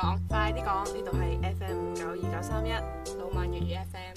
講快啲講，呢度係 FM 五九二九三一老萬粵語 FM。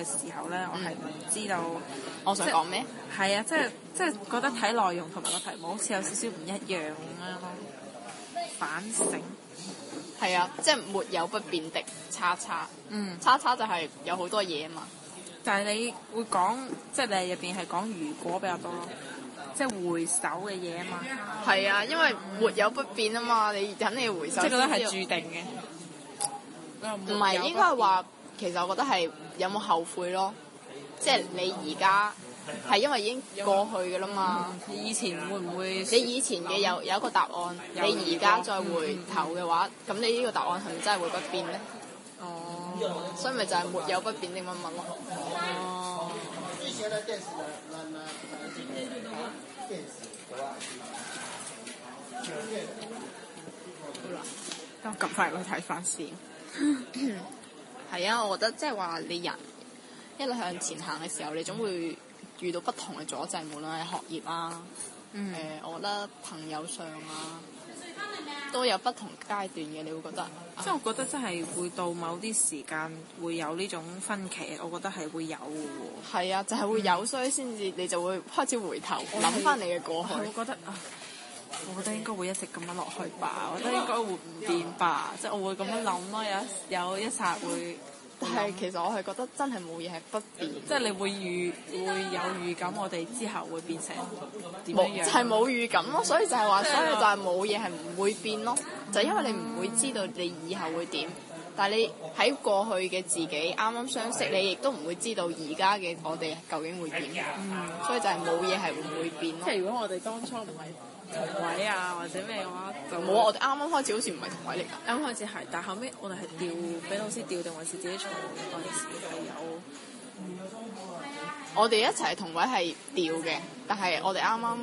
嘅時候咧，我係唔知道。嗯就是、我想講咩？係啊，即係即係覺得睇內容同埋個題目好似有少少唔一樣咁、啊、啦。反省。係啊，即、就、係、是、沒有不變的叉叉。嗯。叉叉就係有好多嘢啊嘛。但係你會講，即、就、係、是、你入邊係講如果比較多咯，即、就、係、是、回首嘅嘢啊嘛。係啊，因為沒有不變啊嘛，嗯、你肯定要回首。即係覺得係注定嘅。唔係應該係話。其實我覺得係有冇後悔咯，即係你而家係因為已經過去嘅啦嘛。以會會你以前會唔會？你以前嘅有有一個答案，你而家再回頭嘅話，咁、嗯嗯、你呢個答案係咪真係會不變咧？哦、嗯，嗯、所以咪就係沒有不變你問問咯？哦、嗯。最前日好了 係啊，我覺得即係話你人一路向前行嘅時候，你總會遇到不同嘅阻滯，無論係學業啦、啊，誒、嗯呃，我覺得朋友上啊，都有不同階段嘅，你會覺得即係我覺得真係會到某啲時間會有呢種分歧，我覺得係會有嘅喎。係啊，就係、是、會有，嗯、所以先至你就會開始回頭諗翻是你嘅過去，我覺得啊。嗯我覺得應該會一直咁樣落去吧，我覺得應該會唔變吧，嗯、即係我會咁樣諗咯。有一有一剎會，嗯、但係其實我係覺得真係冇嘢係不變，即係你會預會有預感，我哋之後會變成冇嘢、嗯。就係、係、冇預感咯，所以就係話，所以就係冇嘢係唔會變咯。就係、因為你唔會知道你以後會點，但係你喺過去嘅自己啱啱相識，你亦都唔會知道而家嘅我哋究竟會點。嗯。所以就係冇嘢係會唔會變囉。即係、嗯、如果我哋當初唔係。同位啊，或者咩嘅話就冇啊！我哋啱啱開始好似唔係同位嚟㗎，啱開始係，但後尾我哋係調，俾老師調定還是自己坐嗰陣時係有、嗯、我哋一齊同位係調嘅，但係我哋啱啱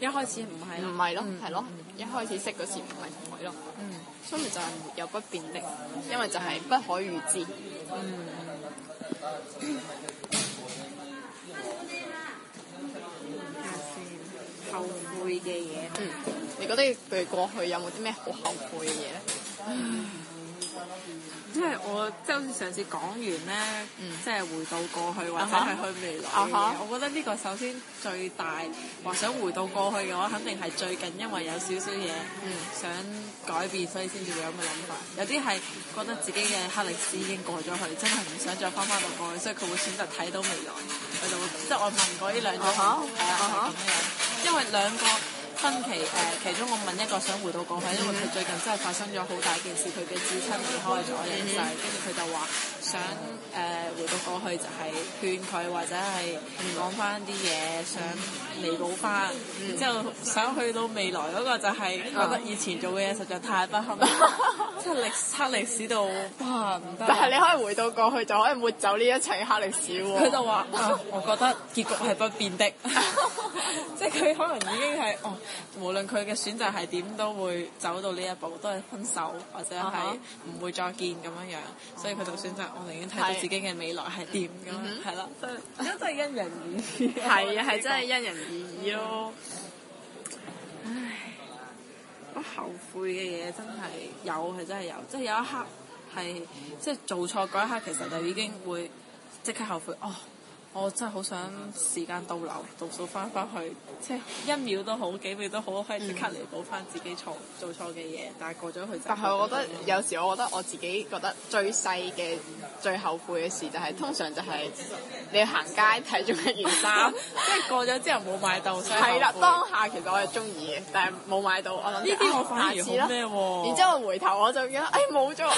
一開始唔係，唔係咯，係咯，一開始識嗰時唔係同位咯，嗯、所以就係有不便的，嗯、因為就係不可預知。嗯嗯嘅嘢，嗯，你覺得對過去有冇啲咩好後悔嘅嘢咧？即係我即係好似上次講完咧，嗯，即係、嗯、回到過去、嗯、或者係去未來嘅嘢。嗯、我覺得呢個首先最大話、嗯、想回到過去嘅話，我肯定係最近因為有少少嘢，嗯，想改變，所以先至會有咁嘅諗法。有啲係覺得自己嘅黑歷史已經過咗去，真係唔想再翻翻到過去，所以佢會選擇睇到未來。即我問過呢兩個，係啊，係點樣？因為兩個。 分期誒，其中我問一個想回到過去，因為佢最近真係發生咗好大件事，佢嘅至親離開咗人世，跟住佢就話想誒回到過去就勸，就係勸佢或者係講翻啲嘢，嗯、想彌補翻，之、嗯、後想去到未來嗰個就係覺得以前做嘅嘢實在太不堪，嗯、即係逆黑歷史度， 哇唔得！但係你可以回到過去就可以抹走呢一切黑歷史喎、啊。佢 就話、嗯，我覺得結局係不變的，即係佢可能已經係哦。無論佢嘅選擇係點，都會走到呢一步，都係分手或者係唔會再見咁、哦、樣樣、哦嗯。所以佢 就選擇，我寧願睇到自己嘅未來係點咁，係啦，真而家真係因人而異。係 啊，係真係因人而異咯。嗯、唉，不後悔嘅嘢真係有，係真係有。即、就、係、是、有一刻係即係做錯嗰一刻，其實就已經會即刻後悔哦。我真係好想時間倒流，倒數翻翻去，即係一秒都好，幾秒都好，可以即刻嚟補翻自己錯做錯嘅嘢。嗯、但係過咗去，但係我覺得有時我覺得我自己覺得最細嘅、最後悔嘅事就係、係，通常就係你行街睇咗一件衫，即係 過咗之後冇買到。沙。係 啦，當下其實我係中意嘅，但係冇買到。我諗呢啲我反而好然之後回頭我就驚，哎冇咗啊！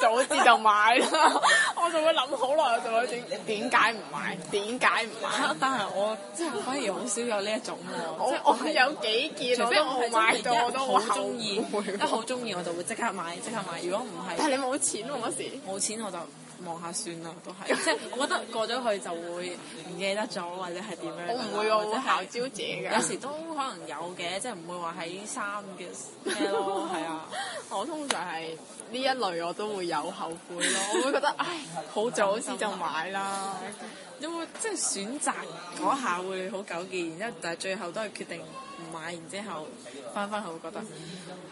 早知就買啦， 我就會諗好耐，我就諗點點解唔買？點解唔買？ 但係我即係反而好少有呢一種喎，即係 我，我有幾件，我都我買到，都買到我都好鍾 意， 都好鍾意，我就會即刻買，即刻買。如果唔係，但係你冇錢喎嗰時，冇錢我就。望下算啦，都係， 即係我覺得過咗去就會唔記得咗，或者係點樣？我唔會、啊，我會效蕉姐㗎。有時都可能有嘅，即係唔會話喺三嘅咩咯。係啊， 我通常係呢一類我都會有後悔咯。我會覺得唉，好早好似就買啦。嗯、因為即係選擇嗰下會好糾結，然之後但係最後都係決定唔買，然之後翻返去會覺得，嗯、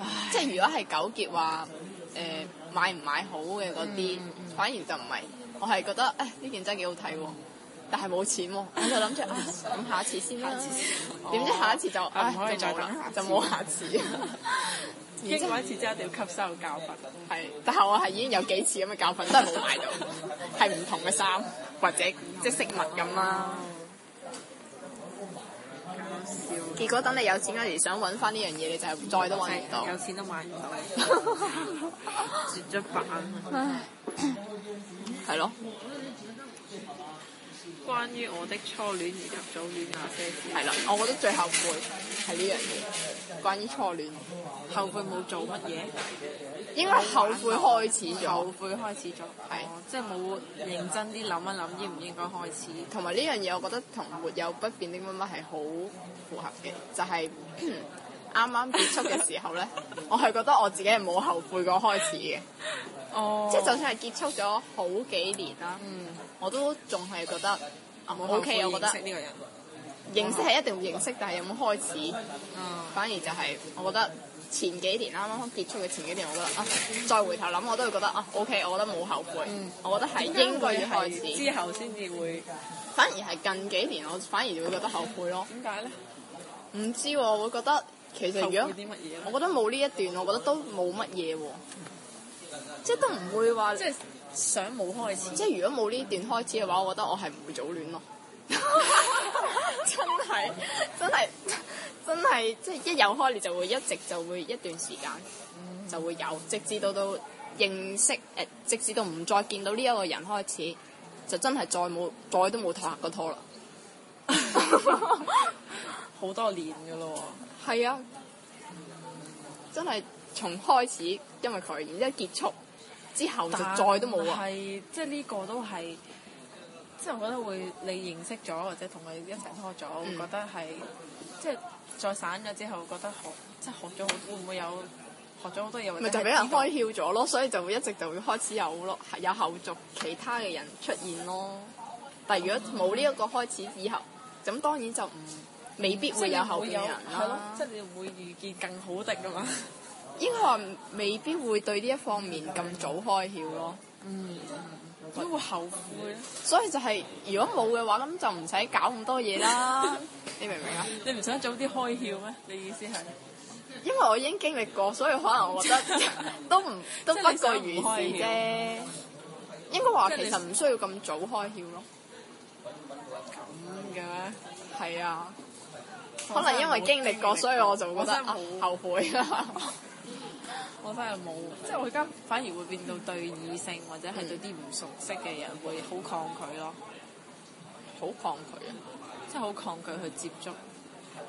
唉即係如果係糾結話。誒買唔買好嘅嗰啲，嗯嗯、反而就唔係。我係覺得誒呢件真係幾好睇喎，但係冇錢喎，我就諗住啊，咁下一次先啦。點知下一次、哦、次就啊，可以不再等，就冇下次。下次 經過一次真係一定要吸收教訓。係、嗯，但係我係已經有幾次咁嘅教訓，真係冇買到，係唔 同嘅衫或者即飾物咁啦。嗯嗯嗯結果等你有錢嗰時，想揾翻呢樣嘢，你就係再都揾唔到，有錢都買唔到， 絕咗版啊！係 咯。關於我的初戀以及早戀那、啊、些事，係啦，我覺得最後悔係呢樣嘢，關於初戀，後悔冇做乜嘢？應該後悔開始咗，後悔開始咗，係是，即係冇認真啲諗一諗應唔應該開始，同埋呢樣嘢我覺得同沒有不變的乜乜係好符合嘅，就係、是。嗯啱啱結束嘅時候咧，我係覺得我自己係冇後悔過開始嘅，即係就算係結束咗好幾年啦，我都仲係覺得啊，O K，我覺得認識呢個人，認識係一定認識，但係有冇開始，反而就係我覺得前幾年啱啱結束嘅前幾年，我覺得啊，再回頭諗，我都會覺得啊，O K，我覺得冇後悔，我覺得係應該要開始之後先至會，反而係近幾年我反而會覺得後悔咯。點解咧？唔知喎，會覺得。其實如果我覺得冇呢一段，我覺得都冇乜嘢喎，即係都唔會話想冇開始。即係如果冇呢段開始嘅話，我覺得我係唔會早戀咯 真係，真係，真係，即係一有開你就會一直就會一段時間就會有直至到、呃，直至到到認識誒，直至到唔再見到呢一個人開始，就真係再冇再都冇拍過拖啦。 好多年噶咯喎，係啊，嗯、真係從開始因為佢，然之後結束之後但 就再都冇啊。係即係呢個都係，即係我覺得會你認識咗或者同佢一齊拖咗，會、嗯、覺得係即係再散咗之後，覺得學即係學咗好會唔會有學咗好多嘢？咪就俾人開竅咗咯，所以就一直就會開始有咯，有後續其他嘅人出現咯。但係如果冇呢一個開始以後，咁、嗯嗯、當然就唔。未必會有後邊人啦，即係你會遇見更好的㗎嘛。應該話未必會對呢一方面咁早開竅咯。嗯，都會後悔。所以就係如果冇嘅話，咁就唔使搞咁多嘢啦。你明唔明啊？你唔想早啲開竅咩？你意思係因為我已經經歷過，所以可能我覺得都唔都不過如是啫。應該話其實唔需要咁早開竅咯。咁嘅咩？係啊。可能因為經歷過，所以我，我就覺得、啊、後悔啦。 我真係冇， 即係我而家反而會變到對異性或者係對啲唔熟悉嘅人、嗯、會好抗拒咯，好抗拒啊！即係好抗拒去接觸。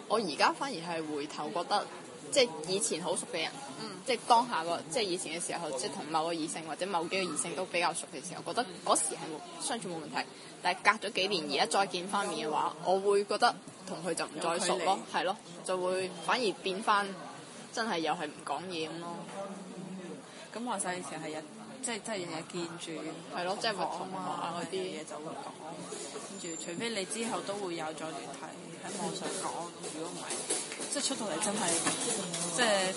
我而家反而係回頭覺得。即係以前好熟嘅人，嗯、即係當下個、嗯、即係以前嘅時候，嗯、即係同某個異性或者某幾個異性都比較熟嘅時候，覺得嗰時係冇相處冇問題。但係隔咗幾年，而家再見翻面嘅話，我會覺得同佢就唔再熟咯，係咯，就會反而變翻真係又係唔講嘢咁咯。咁話曬以前係日即係即係日日、就是、見住，係咯，即係話同學啊嗰啲嘢就會講。跟住除非你之後都會有再聯繫喺網上講，如果唔係。即出到嚟真係，即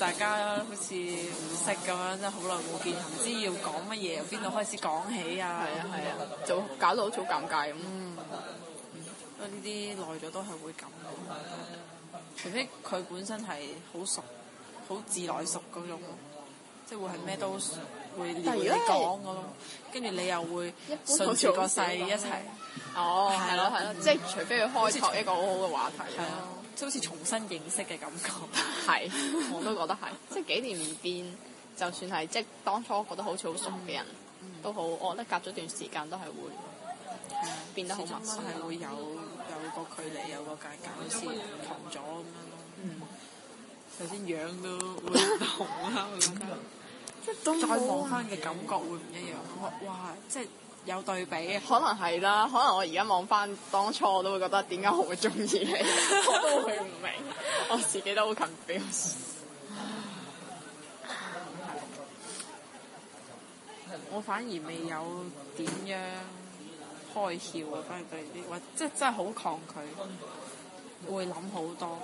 大家好似唔識咁樣，即好耐冇見，唔知要講乜嘢，由邊度開始講起啊？係啊、嗯，係啊，就搞到好尷尬咁。因為呢啲耐咗都係會咁，除非佢本身係好熟、好自來熟嗰種，嗯、即會係咩都會聊嚟講嗰種，跟住是你，你又會順住個勢一齊。哦，係咯，係咯，嗯、即除非佢開拓一個好好嘅話題咯。嗯的即好似重新認識嘅感覺，係我都覺得係，即幾年唔變，就算係即當初覺得好似好熟嘅人都好，我覺得隔咗段時間都係會變得好陌生，係會有有個距離，有個界好似唔同咗咁樣咯。頭先樣都會唔同啦，我覺得，再望翻嘅感覺會唔一樣。哇，即～有對比，可能係啦，可能我而家望翻當初，我都會覺得點解我會中意你， 我都會唔明，我自己都好近表。 我反而未有點樣開竅，反而對啲，或即係真係好抗拒，會諗好多。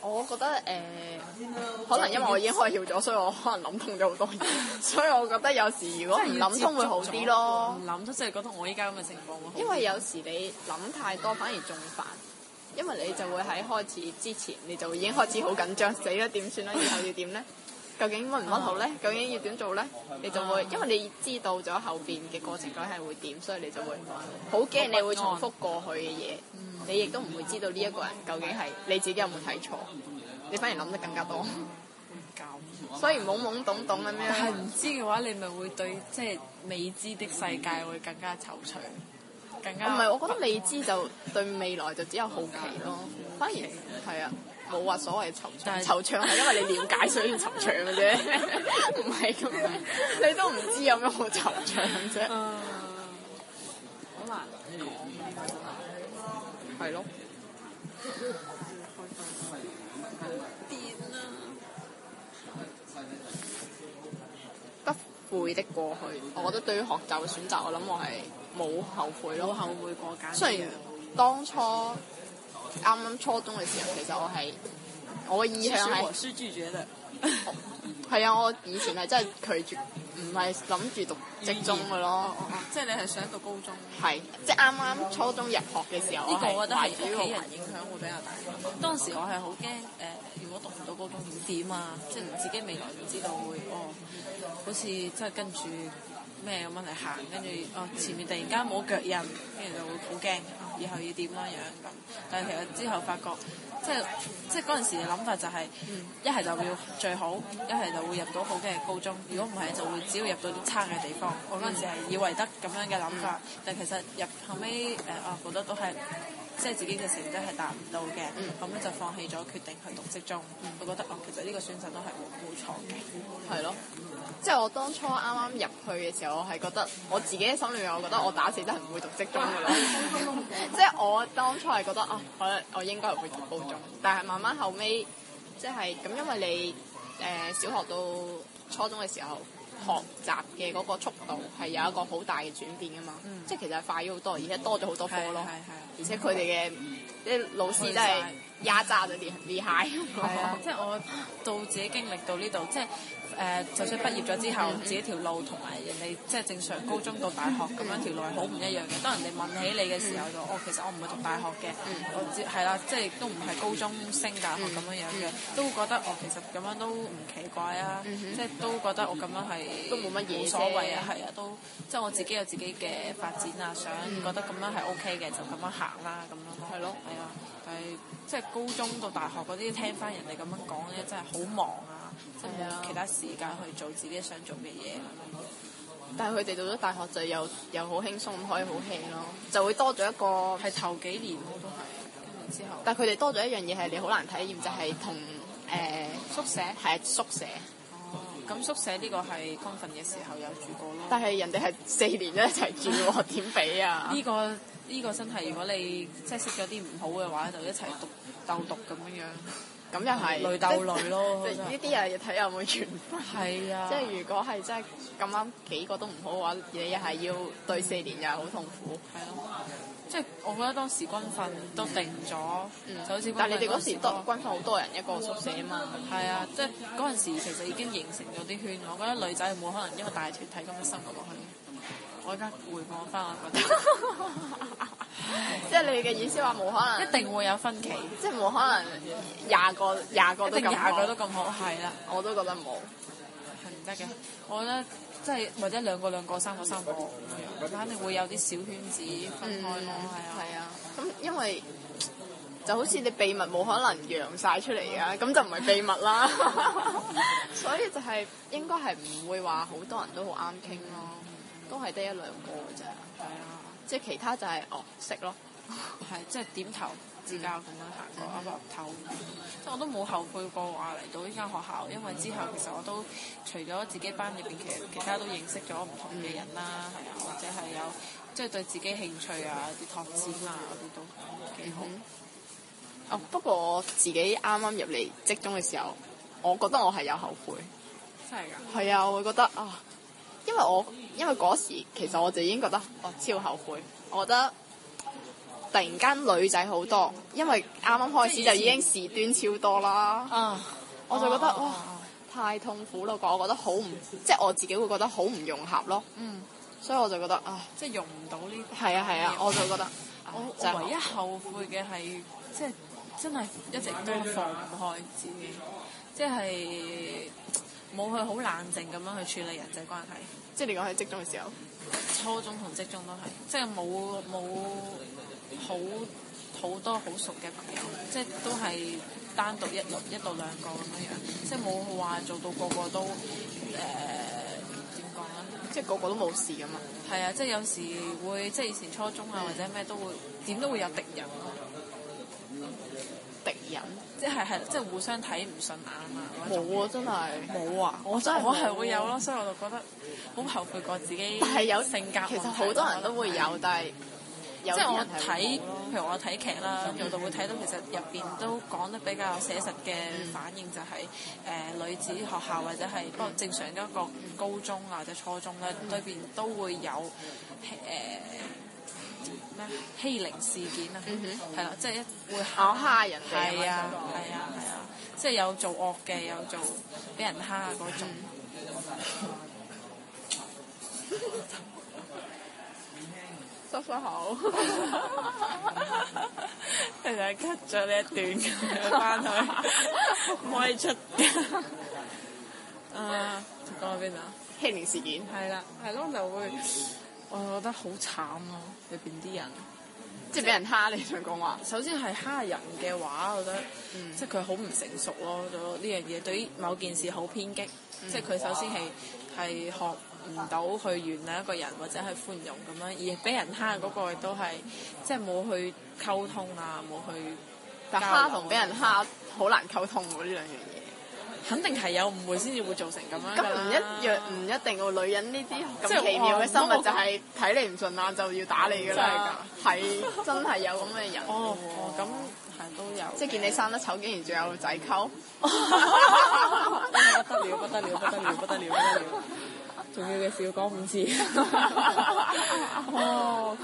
我覺得誒、呃，可能因為我已經開竅咗，所以我可能諗通咗好多嘢， 所以我覺得有時如果唔諗通會好啲咯。唔諗通即係覺得我依家咁嘅情況會，因為有時你諗太多反而仲煩， 因為你就會喺開始之前你就已經開始好緊張，死咗點算啦，然後要點咧？ 究竟問唔問好咧？嗯、究竟要點做咧？你就會、嗯、因為你知道咗後邊嘅過程究竟係會點，所以你就會好驚你會重複過去嘅嘢。嗯、你亦都唔會知道呢一個人究竟係你自己有冇睇錯？你反而諗得更加多，嗯嗯、所以懵懵懂懂咁樣？係唔知嘅話，你咪會對即係、就是、未知的世界會更加惆悵。更加唔係，我覺得未知就對未來就只有好奇咯。嗯、反而係 Okay. 啊。冇話所謂惆悵，惆悵係因為你了解所以惆悵嘅啫，唔係㗎嘛， 你都唔知有咩好惆悵啫，好、uh, 難講，係 咯， 好癲啊。不悔的過去，我覺得對於學習嘅選擇，我諗我係冇後悔咯，冇後悔過㗎，雖然當初。啱啱初中嘅時候，其實我係我嘅意向係，係啊，我，我、 哦、以前係真係拒絕，唔係諗住讀職中噶咯，哦哦啊、即係你係想讀高中。係即係啱啱初中入學嘅時候，呢、嗯、個我覺得係屋企人影響會比較大。嗯、當時我係好驚誒，如果讀唔到高中點啊？即係自己未來唔知道會哦，好似即係跟住。跟咩嘅問題行，跟住哦前面突然間冇腳印，跟住就會好驚，以後要點樣樣咁？但係其實之後發覺，即係即係嗰陣時嘅諗法就係一係就要最好，一係就會入到好嘅高中，如果唔係就會只要入到差嘅地方。我嗰陣時係以為得咁樣嘅諗法，但其實入後尾，誒啊覺得都係即係自己嘅成績係達唔到嘅，咁咧就放棄咗決定去讀職中。我覺得啊，其實呢個選擇都係冇錯嘅，係咯。即係我當初啱啱入去嘅時候，我係覺得、okay. 我自己心裏面，我覺得我打死都係唔會讀職中嘅啦。即係我當初係覺得啊，我我應該係會讀高中。但係慢慢後尾、就是，即係咁，因為你誒小學到初中嘅時候，學習嘅嗰個速度係有一個好大嘅轉變噶嘛。即係其實快咗好多，而且多咗好多科咯。而且佢哋嘅啲老師真係壓榨到你，厲害咁講。啊、即係我到自己經歷到呢度，即係、就是。誒，就算畢業咗之後，自己條路同埋人哋即係正常高中到大學咁樣條路係好唔一樣嘅。當人哋問起你嘅時候，就哦，其實我唔係讀大學嘅，我唔知，係啦，即係都唔係高中升大學咁樣樣嘅，都會覺得哦，其實咁樣都唔奇怪啊，即係都覺得我咁樣係都冇乜嘢所謂啊，係啊，都即係我自己有自己嘅發展啊，想覺得咁樣係 OK 嘅，就咁樣行啦，咁樣咯，係咯，係啊，但係即係高中到大學嗰啲聽翻人哋咁樣講咧，真係好忙啊！就冇其他時間去做自己想做嘅嘢、嗯，但係佢哋到咗大學就又又好輕鬆，可以好 hea 咯，就會多咗一個。係頭幾年我都係，之後。但係佢哋多咗一樣嘢係你好難體驗，就係同誒宿舍，係宿舍。哦。咁宿舍呢個係軍訓嘅時候有住過咯。嗯、但係人哋係四年都一齊住喎，點、嗯、比啊？呢、這個呢、這個真係，如果你即係識咗啲唔好嘅話，就一齊讀鬥讀咁樣。咁又係，累鬥累咯，呢啲又睇下有冇緣。係啊，即係如果係真係咁啱幾個都唔好嘅話，你又係要對四年又好痛苦。係咯、啊，即係我覺得當時軍訓都定咗、嗯嗯，但係你哋嗰時都軍訓好多人一個宿舍啊嘛。係啊，即係嗰陣時其實已經形成咗啲圈，我覺得女仔冇可能一個大團體咁樣生活落去。我而家回放翻，我覺得，即係你嘅意思話冇可能， 一定會有分歧， 即係冇可能廿個廿個都咁好，係啦，我都覺得冇，係唔得嘅。我覺得即係或者兩個兩個、三個三個咁樣，肯定會有啲小圈子分開咯，係、嗯、啊，啊、嗯。咁 因為就好似你秘密冇可能揚晒出嚟啊，咁就唔係秘密啦。所以就係應該係唔會話好多人都好啱傾咯。都係得一兩個㗎啫，係啊，即係其他就係、是、哦，識咯，係即係點頭、之交咁樣行過一嚿頭。所以我都冇後悔過話嚟到呢間學校，因為之後其實我都除咗自己班入邊，其其他都認識咗唔同嘅人啦，係、嗯、啊，或者係有即係、就是、對自己興趣啊啲拓展啊嗰啲都幾好。哦、嗯，嗯 oh, 不過我自己啱啱入嚟職中嘅時候，我覺得我係有後悔，真係的㗎，係啊，我會覺得啊。啊。因為我因為嗰時其實我就已經覺得，我超後悔。我覺得突然間女仔好多，因為啱啱開始就已經時端超多啦。嗯，我就覺得哇，太痛苦咯！我覺得好唔，即係我自己會覺得好唔融合咯。嗯，所以我就覺得啊，即係用唔到呢啲。係啊係啊，我就覺得我唯一後悔嘅係，即係真係一直都放唔開自己，即係。冇去好冷靜咁樣去處理人際關係，即係你講喺職中嘅時候，初中同職中都係，即係冇冇好好多好熟嘅朋友，即係都係單獨一到一到兩個咁樣樣，即係冇話做到個個都誒點講咧？呃、呢即係個個都冇事咁嘛。係啊，即係有時會即係以前初中啊或者咩都會點都會有敵人啊。敵人，即係係即係互相睇唔順眼啊嘛！冇啊，真係冇啊！我真係我係會有咯，所以我就覺得好後悔過自己。但係有性格，其實好多人都會有，但係即係我睇，譬如我睇劇啦，我就會睇到其實入邊都講得比較寫實嘅反應，就係誒女子學校或者係不過正常嘅一個高中或者初中咧，裡邊都會有誒。咩欺凌事件啊？係啦，即係一會考蝦人哋，係啊，係啊，係啊，即係有做惡嘅，有做俾人蝦嗰種。叔叔好，其實 cut 咗呢一段咁樣翻去，唔可以出街。啊，講到邊啊？欺凌事件係啦，係咯，就會。我覺得好慘咯、啊，裏邊啲人即係俾人蝦，你想講話？首先係蝦人嘅話，我覺得、嗯、即係佢好唔成熟咯。咁呢樣嘢對於某件事好偏激，嗯、即係佢首先係係哇學唔到去原諒一個人，或者係寬容咁樣。而俾人蝦嗰個都係、嗯、即係冇去溝通啊，冇去。但蝦同俾人蝦好難溝通喎，呢樣嘢。肯定係有誤會先至會造成咁樣啦、啊。咁唔一樣，唔一定。女人呢啲咁奇妙嘅生物就係睇你唔順眼就要打你㗎啦。 真係㗎。係，真係有咁嘅人。 哦，咁係都有。即係見你生得醜，竟然仲有仔溝。不得了，不得了，不得了，不得了，不得了。重要嘅事要講五次。 哦，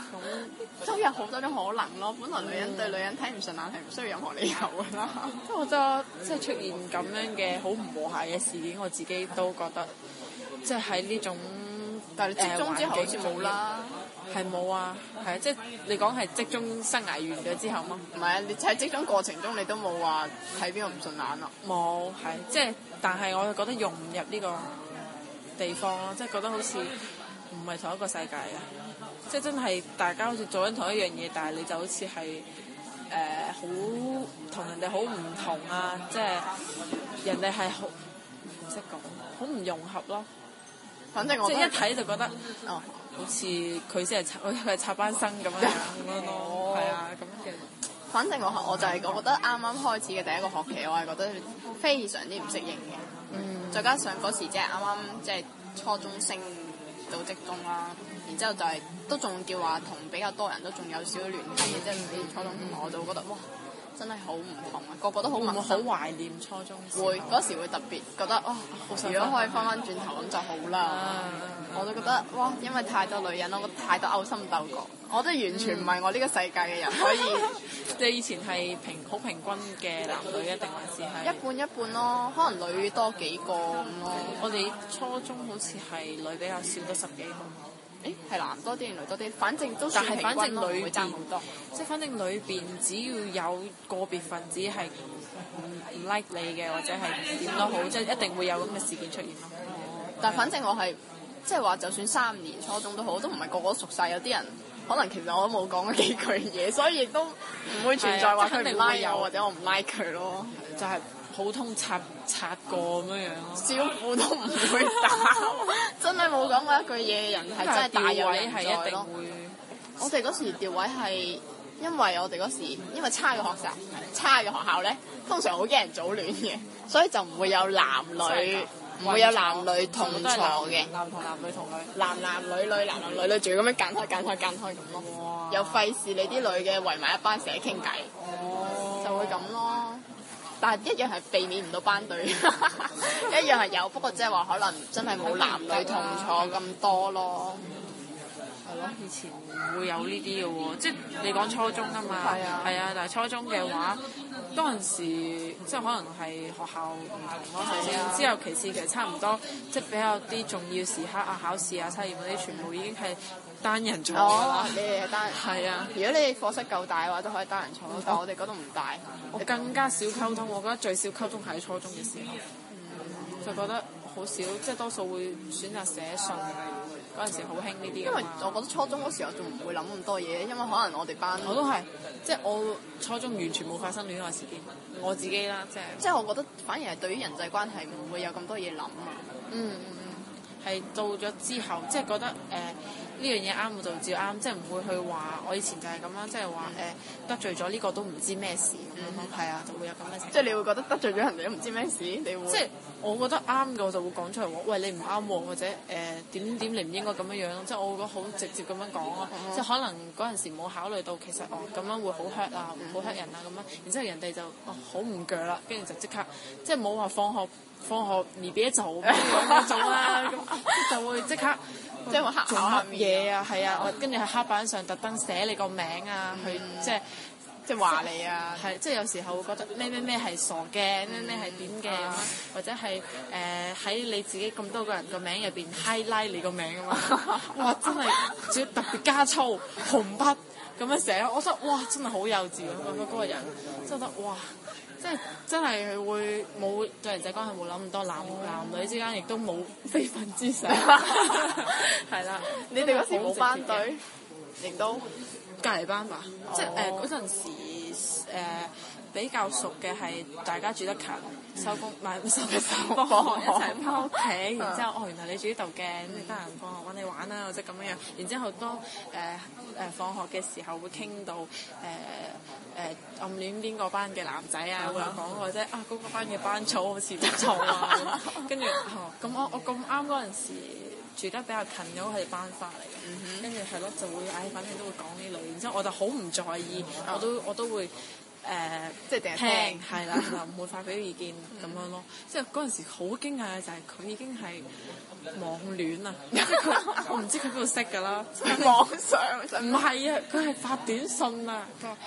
咁都有好多種可能咯。本來女人對女人睇唔順眼係唔需要任何理由噶啦。即係、嗯、 我覺得，即係出現咁樣嘅好唔和諧嘅事件，我自己都覺得， 即係喺呢種但係你積中之後好似冇啦，係冇啊，係啊，即係、嗯就是、你講係積中生涯完咗之後嘛？唔係啊，你即係積中過程中你都冇話睇邊個唔順眼啊？冇，係即係，但係我就覺得融唔入呢、這個地方咯，即係覺得好似唔係同一個世界嘅，即係真係大家好似做緊同一樣嘢，但係你就好似係誒好同人哋好唔同啊！即係人哋係好唔識講，好唔融合咯。反正我即係一睇就覺得，哦，好似佢先係插佢係插班生咁樣 樣，係啊，咁嘅。反正我我就係、係、我覺得啱啱開始嘅第一個學期，我係覺得非常之唔適應嘅。嗯、再加上嗰時即係啱啱即係初中升到職中啦，然之後就係、是、都仲叫話同比較多人都仲有少少 connection，即係初中五我就覺得哇。真係好唔同啊！個個都好唔同。我好懷念初中。會嗰時會特別覺得，哇、哦！如果可以翻返轉頭咁就好啦。嗯、我都覺得，哇！因為太多女人咯，我太多勾心鬥角，我都完全唔係我呢個世界嘅人、嗯、所以。即係 以前係平好平均嘅男女，一定還是係 一半一半咯。可能女多幾個咁咯。 我哋初中好似係女比較少咗十幾個。誒係男多啲原來多啲，反正都算平均，平均都面反正唔會爭好多。即係反正裏邊只要有個別分子係唔 like 你嘅，或者係點都好，即係一定會有咁嘅事件出現咯。嗯嗯、但係反正我係即係話，就算三年初中都好，都唔係個個都熟晒。有啲人可能其實我都冇講幾句嘢，所以亦都唔會存在話佢唔 like 我，我或者我唔 like 佢咯，就係、是。普通拆拆過咁樣樣 小婦都唔會打， 真係冇講過一句嘢嘅人係真係大有人在。調位係一定會。我哋嗰時調位係因為我哋嗰時因為差嘅學習，差嘅學校咧通常好驚人早戀嘅，所以就唔會有男女，唔會有男女同牀嘅，男同男女同女，男男女女，男男女女，仲要咁樣揀開揀開揀開咁咯，哇又費事你啲女嘅圍埋一班成日傾偈，哦、就會咁咯。但一樣係避免唔到班對， 一樣係有。不過即係話可能真係冇男女同坐咁多咯。係咯、嗯，了以前會有呢啲嘅喎，即係你講初中啊嘛，係啊，啊。但係初中嘅話，嗰陣時即係可能係學校唔同咯。然、啊、之後其次其實差唔多，即係比較啲重要時刻啊、考試啊、測驗嗰啲，全部已經係。單人坐啦，你哋係單人，係啊。如果你哋課室夠大嘅話，都可以單人坐。但我哋嗰度唔大，我更加少溝通。我覺得最少溝通喺初中嘅時候，就覺得好少，即係多數會選擇寫信。嗰陣時好興呢啲。因為我覺得初中嗰時候仲唔會諗咁多嘢，因為可能我哋班我都係，即係我初中完全冇發生戀愛事件，我自己啦，即係。即係我覺得反而係對於人際關係唔會有咁多嘢諗啊。嗯。係到咗之後，即係覺得誒呢、呃、樣嘢啱我就照啱，即係唔會去話我以前就係咁樣，即係話誒得罪咗呢個都唔知咩事咁樣咯。係啊，就會有咁嘅事。即係你會覺得得罪咗人哋都唔知咩事，你會。即係我覺得啱嘅我就會講出嚟喎，喂你唔啱喎，或者誒點點你唔應該咁樣樣，即係我會好直接咁樣講咯。嗯、即係可能嗰陣時冇考慮到其實哦，咁樣會好 hurt 啊，會好 hurt 人啊咁樣，然之後人哋就哦好唔鋸啦，跟住就，就，就，就，刻就刻即刻即係冇話放學。放學而別做咩咁做啦、啊、咁，就會即刻做黑嘢啊？係、嗯、啊，我跟住喺黑板上特登寫你個名啊，去即係即係話你啊。係即係有時候會覺得咩咩咩係傻嘅，咩咩係點嘅，或者係誒喺你自己咁多個人個名入邊 highlight 你個名啊嘛。哇！真係仲要特別加粗紅筆咁樣寫，我覺得哇，真係好幼稚啊！嗰、那、嗰個人真係哇～即係真係會冇，對人際關係冇諗咁多，男男女之間亦都冇非分之想，係啦。你哋嗰時冇班隊，亦都 隔離班吧？Oh. 即係誒嗰陣時誒比較熟嘅係大家住得近，收工唔係唔收工，放學 一齊翻屋企，然之後 哦，原來你住呢度嘅，咁你得閒放學揾你玩啦，或者咁樣樣。然之後當誒誒放學嘅時候會傾到誒誒、呃呃、暗戀邊個班嘅男仔啊，會有講或者，或者啊嗰、那個班嘅班草好似唔錯啊。跟住咁我我咁啱嗰陣時住得比較近，咗，佢哋班花嚟，嘅、嗯哼。跟住係咯就會，唉、哎，反正都會講呢類。然之後我就好唔在，在意，我都我都，我都會。誒，呃、即係係聽，係啦，就冇發俾意見咁 樣咯。即係嗰陣時好驚訝嘅就係、是、佢已經係。網戀啊，我唔知佢邊度識㗎啦。網上唔係啊，佢係發短信啊。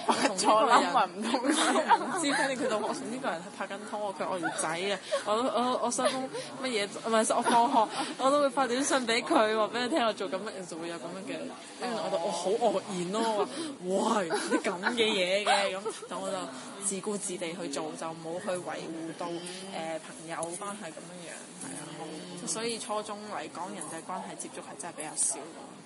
發錯人，唔通唔知？反正佢就惡言呢個人係 拍緊拖，佢愛唔仔啊。我我我收工乜嘢唔係我放學我都會發短信俾佢，話俾你聽我做緊乜嘢就會有咁樣嘅。跟住我就我好、哦、愕然咯、啊，話哇係啲咁嘅嘢嘅咁，就我就自顧自地去做，就冇去維護到誒、呃、朋友關係咁樣樣，係啊、嗯，嗯、所以初初。中嚟講，人際關係接觸係真係比較少。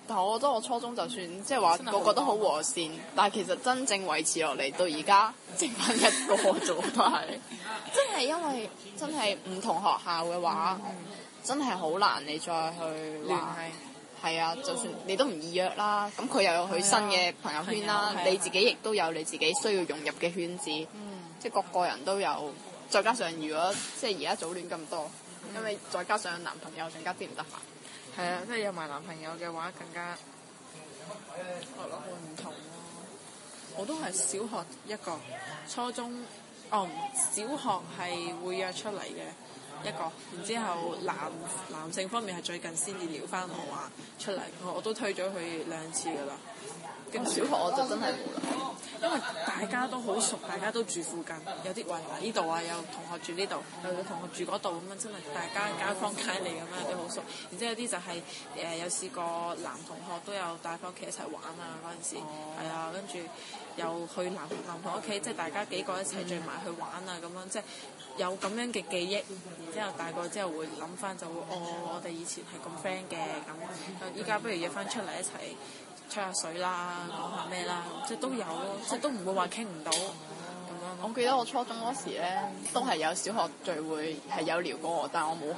但係我覺得我初中就算即係話個個都好和善，但係其實真正維持落嚟到而家，剩翻一個啫都係真係因為、嗯、真係唔同學校嘅話，嗯、真係好難你再去聯繫。亂啊，就算你都唔異約啦，咁佢又有佢新嘅朋友圈啦，啊、你自己亦都有你自己需要融入嘅圈子，嗯嗯、即係個個人都有。再加上如果即係而家早戀咁多。因為再加上男朋友更加啲唔得閒，係、嗯、啊，即係有埋男朋友嘅話更加落落會唔同咯。我、啊、我都係小學一個，初中，哦，小學係會約出嚟嘅一個，然之後男男性方面係最近先至撩翻我話出嚟，我我都推咗佢兩次噶啦。小學我就真係冇啦，因為大家都好熟，大家都住附近，有啲話呢度啊，有同學住呢度，有同學住嗰度咁樣，真係大家街坊街嚟，咁樣都好熟。然之後有啲就係、是、誒、呃，有試過男同學都有帶翻屋企一齊玩啊，嗰陣時係、哦、啊，跟住又去男男同學屋企，嗯、即係大家幾個一齊聚埋去玩啊，咁樣即係有咁樣嘅記憶。然之後大個之後會諗翻，就會哦，我哋以前係咁 friend 嘅咁，依家不如約翻出嚟一齊。嗯嗯吹下水啦，講下咩啦，即係都有，嗯、即係都唔會話傾唔到。咁樣，我記得我初中嗰時咧，都係有小學聚會，係有聊過我，但我冇去。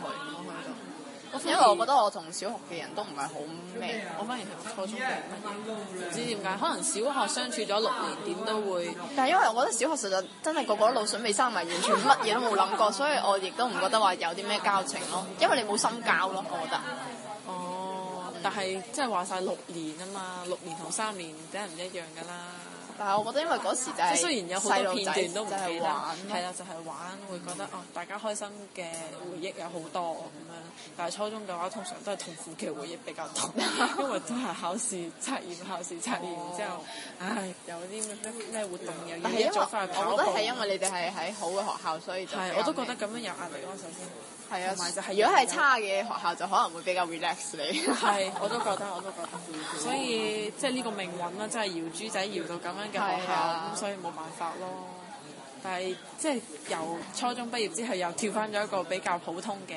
嗯、因為我覺得我同小學嘅人都唔係好咩，嗯、我反而同初中嘅，唔、嗯、知點解，可能小學相處咗六年，點都會。但係因為我覺得小學其實真係個個都腦囟未生埋，完全乜嘢都冇諗過， 所以我亦都唔覺得話有啲咩交情咯， 因為你冇深交咯，我覺得。但係即係話晒六年啊嘛，六年同三年梗係唔一樣噶啦。但係我覺得因為嗰時就係細路仔，即係雖然有好多片段都唔記得玩，係啦，就係玩，會覺得哦，大家開心嘅回憶有好多咁樣，但係初中嘅話通常都係痛苦嘅回憶比較多，因為都係考試測驗考試測驗之後，唉，有啲咩咩活動又一做翻，我覺得係因為你哋係喺好嘅學校，所以係我都覺得咁樣有壓力咯。首先，係啊，唔係就係，如果係差嘅學校，就可能會比較 relax 你。係我都覺得，我都覺得。所以即係呢個命運啦，真係搖豬仔搖到咁樣。嘅學校，的所以冇辦法咯。但係即係由初中畢業之後又跳翻咗一個比較普通嘅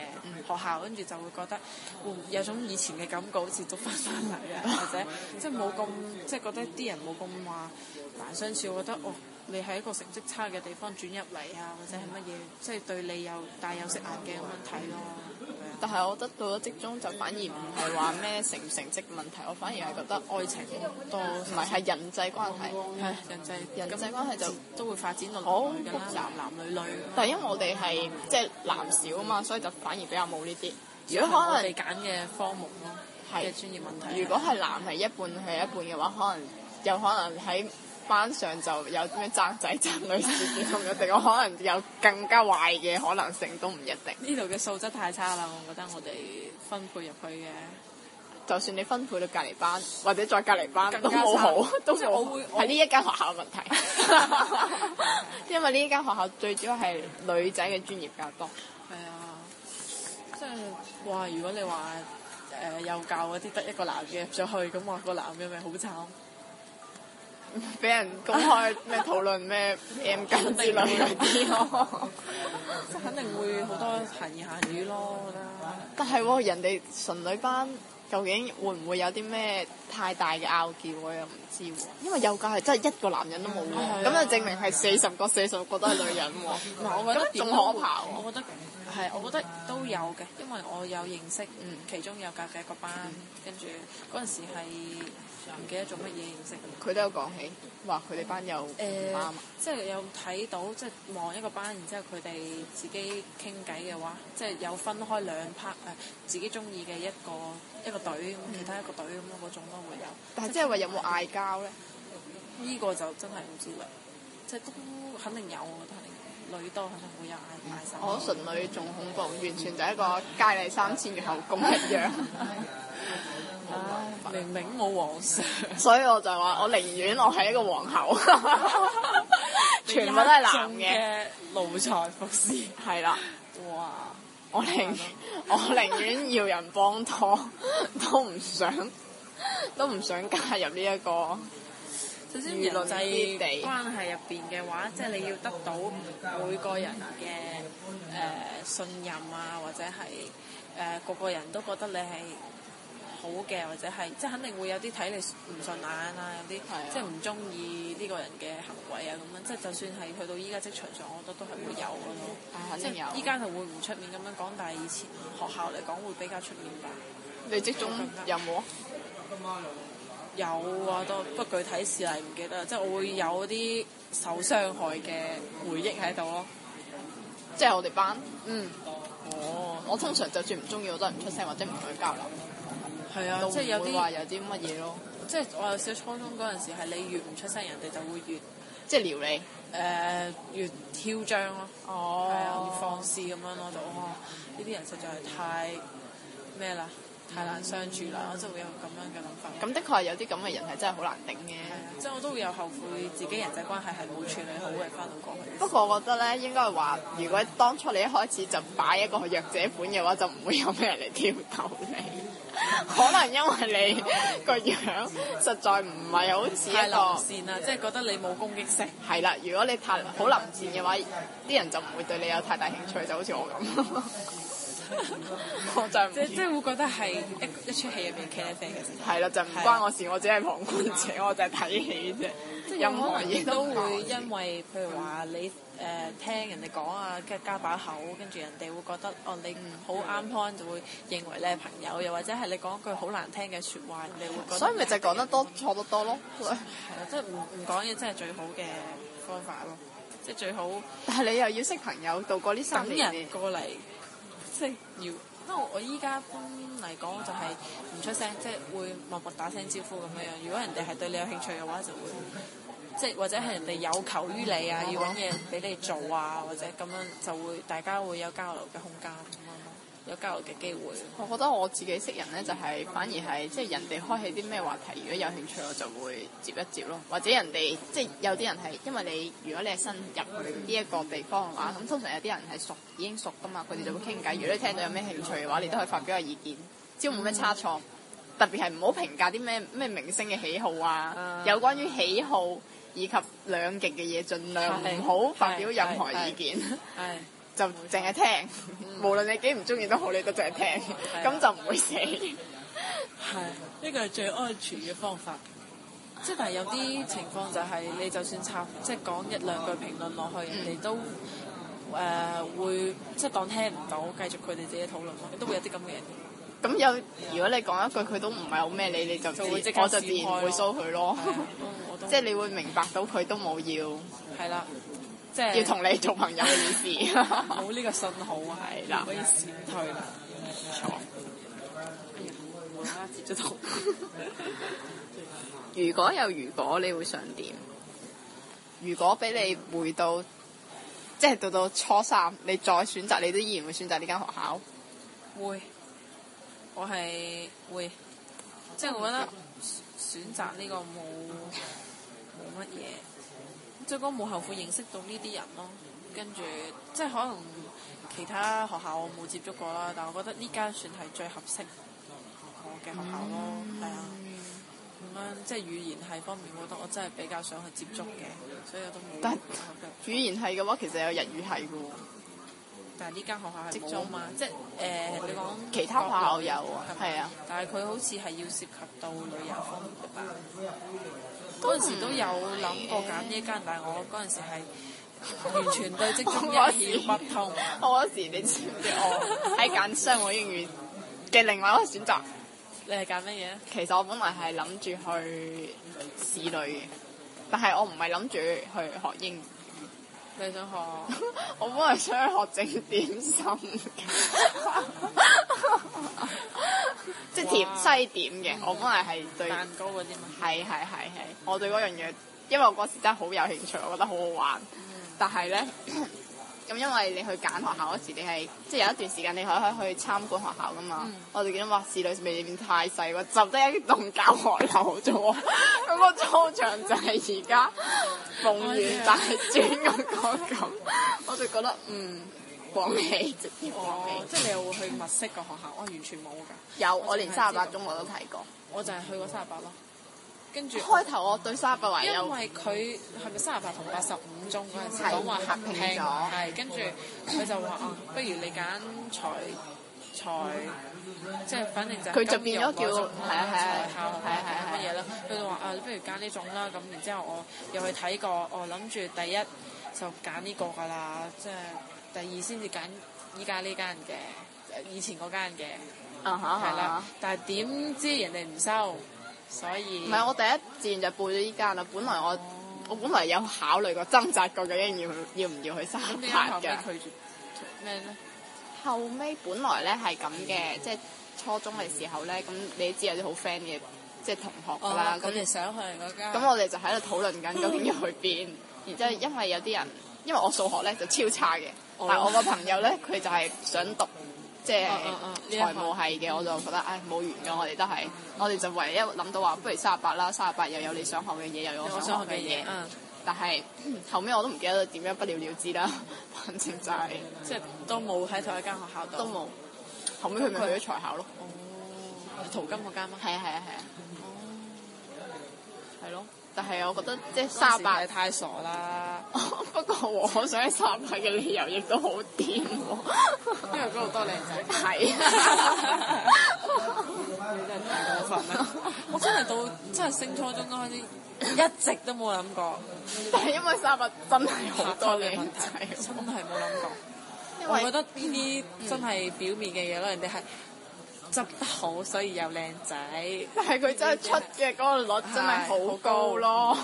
學校，跟住就會覺得會有種以前嘅感覺好，好似讀翻翻嚟啊，或者即係冇咁即係覺得啲人冇咁話難相處，我覺得冇。哦你喺一個成績差嘅地方轉入嚟啊，或者係乜嘢，即係對你有帶有色眼鏡咁樣睇咯。但係我覺得到咗職中就反而唔係話咩成唔成績問題，我反而係覺得愛情多，唔係係人際關係，係人際人際關係就都會發展到好複雜，男男女女。但因為我哋係即係男少啊嘛，所以就反而比較冇呢啲。如果可能，你揀嘅科目咯，嘅專業問題。如果係男係一半係一半嘅話，可能有可能喺。班上就有咩爭仔爭女嘅咁，一定我可能有更加壞嘅可能性，都唔一定。呢度嘅素質太差啦，我覺得我哋分配入去嘅，就算你分配到隔離班或者再隔離班都好好，我會都好係呢一間學校問題。 因為呢間學校最主要係女仔嘅專業較多。係啊，即係，哇！如果你話誒幼教嗰啲得一個男嘅入咗去，咁話個男嘅咪好慘。俾人公開咩討論咩 M 巾之類嗰啲咯，就肯定會好多閒言閒語咯，我覺得。 但係喎、哦，人哋純女班究竟會唔會有啲咩？太大嘅拗撬我又唔知，因為有格係真係一個男人都冇咁、嗯、就證明係四十個四十、嗯、個都係女人我喎，咁點？嗯、對可怕、啊？我覺得係我覺得都有嘅，因為我有認識嗯，其中有格嘅一個班，跟住陣時係係唔記得，做乜嘢認識，佢都有講起，話佢哋班有唔啱，即係有睇到，即係望一個班，然之後佢哋自己傾偈嘅話，即、就、係、是、有分開兩 part 誒，自己中意嘅一個一個隊，其他一個隊咁樣種。但係，即係話有冇嗌交咧？呢、呢個就真係唔知啦，即係都肯定有，我覺得，女多肯定有會有嗌嗌我純女仲恐怖，嗯、完全就一個佳麗三千的後宮一樣。明明冇皇上，Sir, 所以我就話：我寧願我係一個皇后， 全部都係男嘅奴才服侍。係 啦了，哇！我寧，哇我，寧我寧願要人幫拖， 都唔想。 都唔想加入呢一個娛樂地，首先人際關係入邊嘅話，即係 你要得到每個人嘅誒、 呃、信任啊，或者係誒個個人都覺得你係好嘅，或者係即係肯定會有啲睇你唔順眼啊，有啲即係唔中意呢個人嘅行為啊咁樣。即、就、係、是、就算係去到依家職場上，我覺得都係會有咯，即係依家就會唔出面咁樣講，但係以前學校嚟講會比較出面吧？你職中有冇啊？今晚有，有啊，都不過具體事例唔記得，即係我會有啲受傷害嘅回憶喺度咯。即係我哋班，嗯，哦，我通常就算唔中意，我都唔出聲或者唔同佢交流。係啊，即係有啲話有啲乜嘢咯。即係我有少初中嗰陣時，係你越唔出聲，人哋就會越即係撩你。誒、呃，越挑釁咯。哦，係啊、嗯，越放肆咁樣咯，就哇呢啲人實在係太咩啦。太難相處啦，我真會有咁樣嘅諗法。咁的確係有啲咁嘅人係真係好難頂嘅。即係我都會有後悔自己人際關係係冇處理好嘅翻到過去。不過我覺得咧，應該話如果當初你一開始就擺一個弱者款嘅話，就唔會有咩人嚟挑逗你。 可能因為你個樣實在唔係好似一個太冷線啦，即、就、係、是、覺得你冇攻擊性。係啦、嗯，如果你太好冷線嘅話，啲人就唔會對你有太大興趣，就好似我咁。 我就唔即即會覺得係一一出戲入面茄喱啡，其實係啦，就唔關我事，我只係旁觀者，我就係睇戲啫。即任何嘢都會因為譬如話你誒聽人哋講啊，跟加把口，跟住人哋會覺得哦，你好啱 point 就會認為你係朋友，又或者係你講句好難聽嘅説話，你會覺得所以咪就係講得多錯得多咯。係啊，即唔唔講嘢真係最好嘅方法咯，即最好。但係你又要識朋友度過呢三年等人過嚟。即係要，因為不過我依家般嚟講就係唔出聲，即係會默默打聲招呼咁樣樣。如果人哋係對你有興趣嘅話，就會，即係或者係人哋有求於你啊，要揾嘢俾你做啊，或者咁樣就會大家會有交流嘅空間咁樣。有交流嘅機會，我覺得我自己識人咧，就係、是、反而係即係人哋開起啲咩話題，如果有興趣，我就會接一接咯。或者人哋即係有啲人係，因為你如果你係新入呢一個地方嘅話，咁通常有啲人係熟已經熟㗎嘛，佢哋就會傾偈。如果你聽到有咩興趣嘅話，你都可以發表個意見，只要冇咩差錯。特別係唔好評價啲咩咩明星嘅喜好啊，嗯、有關於喜好以及兩極嘅嘢，盡量唔好發表任何意見。係。就淨係聽，無論你幾唔中意都好，你都淨係聽，咁就唔會死。係 的，呢個係最安全嘅方法。即係但係有啲情況就係、是、你就算插，即係講一兩句評論落去，人哋、嗯、都誒、呃、會即係當聽唔到，繼續佢哋自己討論咯，都會有啲咁嘅嘢。咁有，如果你講一句佢都唔係好咩你，你就會我就自然會疏佢咯。即係、嗯、 你會明白到佢都冇要。係啦。即係要同你做朋友嘅意思，冇呢個信號係啦。 可以閃退啦。 如果有如果，你會想點？如果俾你回到，即係到到初三，你再選擇，你都依然會選擇呢間學校？會，我係會。 即係我覺得選擇呢個冇冇乜嘢。最後冇後悔認識到呢啲人咯，跟住即係可能其他學校我冇接觸過啦，但係我覺得呢間算係最合適我嘅學,學校咯，係啊、嗯，咁樣、嗯、即係語言係方面，我覺得我真係比較想去接觸嘅，所以我都冇得。但係語言係嘅話，其實有日語系嘅喎。但係呢間學校係積宗嘛。即係誒、呃、你講其他學校有啊，係吧啊，但係佢好似係要涉及到旅遊方面嘅吧。嗰陣時都有諗過揀呢間，的但係我嗰陣時係完全對職中一竅不通。嗰時你知唔知？我喺揀商務英語嘅另外一個選擇。你係揀乜嘢啊？其實我本來係諗住去市里，嘅，但係我唔係諗住去學英語。你想學？ 我本來想去學整點心， 即係甜西點嘅。哇我本來係對蛋糕嗰啲嘛。係係係係， 我對嗰樣嘢，因為我嗰時真係好有興趣，我覺得好好玩。嗯、但係咧。 咁因為你去揀學校嗰時你，你係即係有一段時間，你可可以去參觀學校噶嘛？嗯、我哋見到話市內未免太細喎，就得一棟教學樓啫喎。咁 個操場就係而家鳳園大專嗰、那個咁，oh、yeah. 我就覺得嗯，講起直接講起，oh, 即係你又會去密室嘅學校？我、oh, 完全冇㗎。有，我連三十八中我都睇過，我就係去過三十八咯。跟住開頭我對三十八，因為佢係咪三十八同八十五中嗰陣時講話合拼跟住佢就話啊，不如你揀財財，即係反正就係金融業嗰種，係啊係啊，財校係係乜嘢咯？佢就話啊，不如揀呢種啦，咁然之後我又去睇過，我諗住第一就揀呢個㗎啦，即係第二先至揀依家呢間嘅，以前嗰間嘅，係啦，但係點知人哋唔收。所以唔係我第一自然就報咗依間啦。本來我我本來有考慮過，掙扎過究竟要要唔要去三八嘅。咩呢？後尾本來咧係咁嘅，即係初中嘅時候咧，咁你知有啲好 friend 嘅，即係同學啦。咁你想去嗰間？咁我哋就喺度討論緊究竟要去邊。然之後因為有啲人，因為我數學咧就超差嘅，但係我個朋友咧，佢就係想讀，即係財務系嘅，我就覺得唉、哎，冇完㗎，我哋都係，我哋就唯一諗到話，不如三十八啦，三十八又有你想學嘅嘢，又有我想學嘅嘢，但係後尾我都唔記得點樣不了了之啦，反正就係、是、即係都冇喺同一間學校度，都冇後尾佢咪去咗財校咯，哦，淘金嗰間嗎？係啊係啊係啊，哎哎、哦，係咯。但係我覺得即係沙伯太傻啦。 不過我，我想沙伯嘅理由亦都好癲，因為嗰度多靚仔。係 對。你真係太過分啊！我真係到真係升初中都開始，一直都冇諗過， 但係因為沙伯真係好多靚仔， 真係冇諗過。因為 我覺得呢啲真係表面嘅嘢咯，人哋係。 執得好，所以又靚仔。但係佢真係出嘅嗰個率真係好高咯，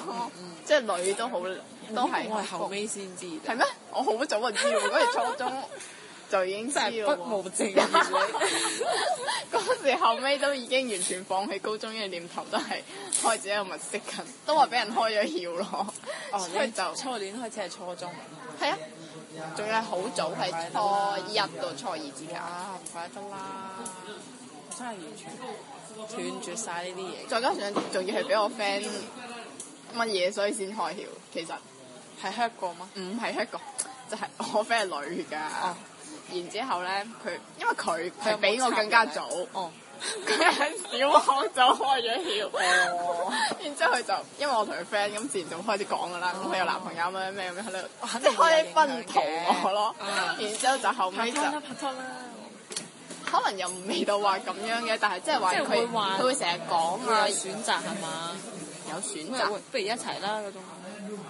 即係 女都好，是都係。我係後尾先知。係咩？我好早就知，嗰陣初中就已經知咯。不務正業嗰時後尾都已經完全放棄高中嘅念頭，都、就、係、是、開始喺度物色緊。都話俾人開咗竅咯，所以就。初戀開始係初中。係啊。好早係初一到初二之間，唔怪得啦，真係完全斷絕晒呢啲嘢。再加上仲要係俾我 friend 乜嘢，所以先開竅。其實係 hurt 過嗎？唔係 hurt 過，就係、是、我 friend 係女㗎。 然之後咧呢，佢因為佢係比我更加早。佢喺小學就開咗竅，然之後佢就因為我同佢 friend，咁自然就開始講噶啦。咁佢有男朋友咩咩咁喺度，即開分圖我咯。 然之後就後面就 可能又未到話咁樣嘅，但係即係話佢會成日講啊，選擇係嘛，有選擇，不如一齊啦嗰種。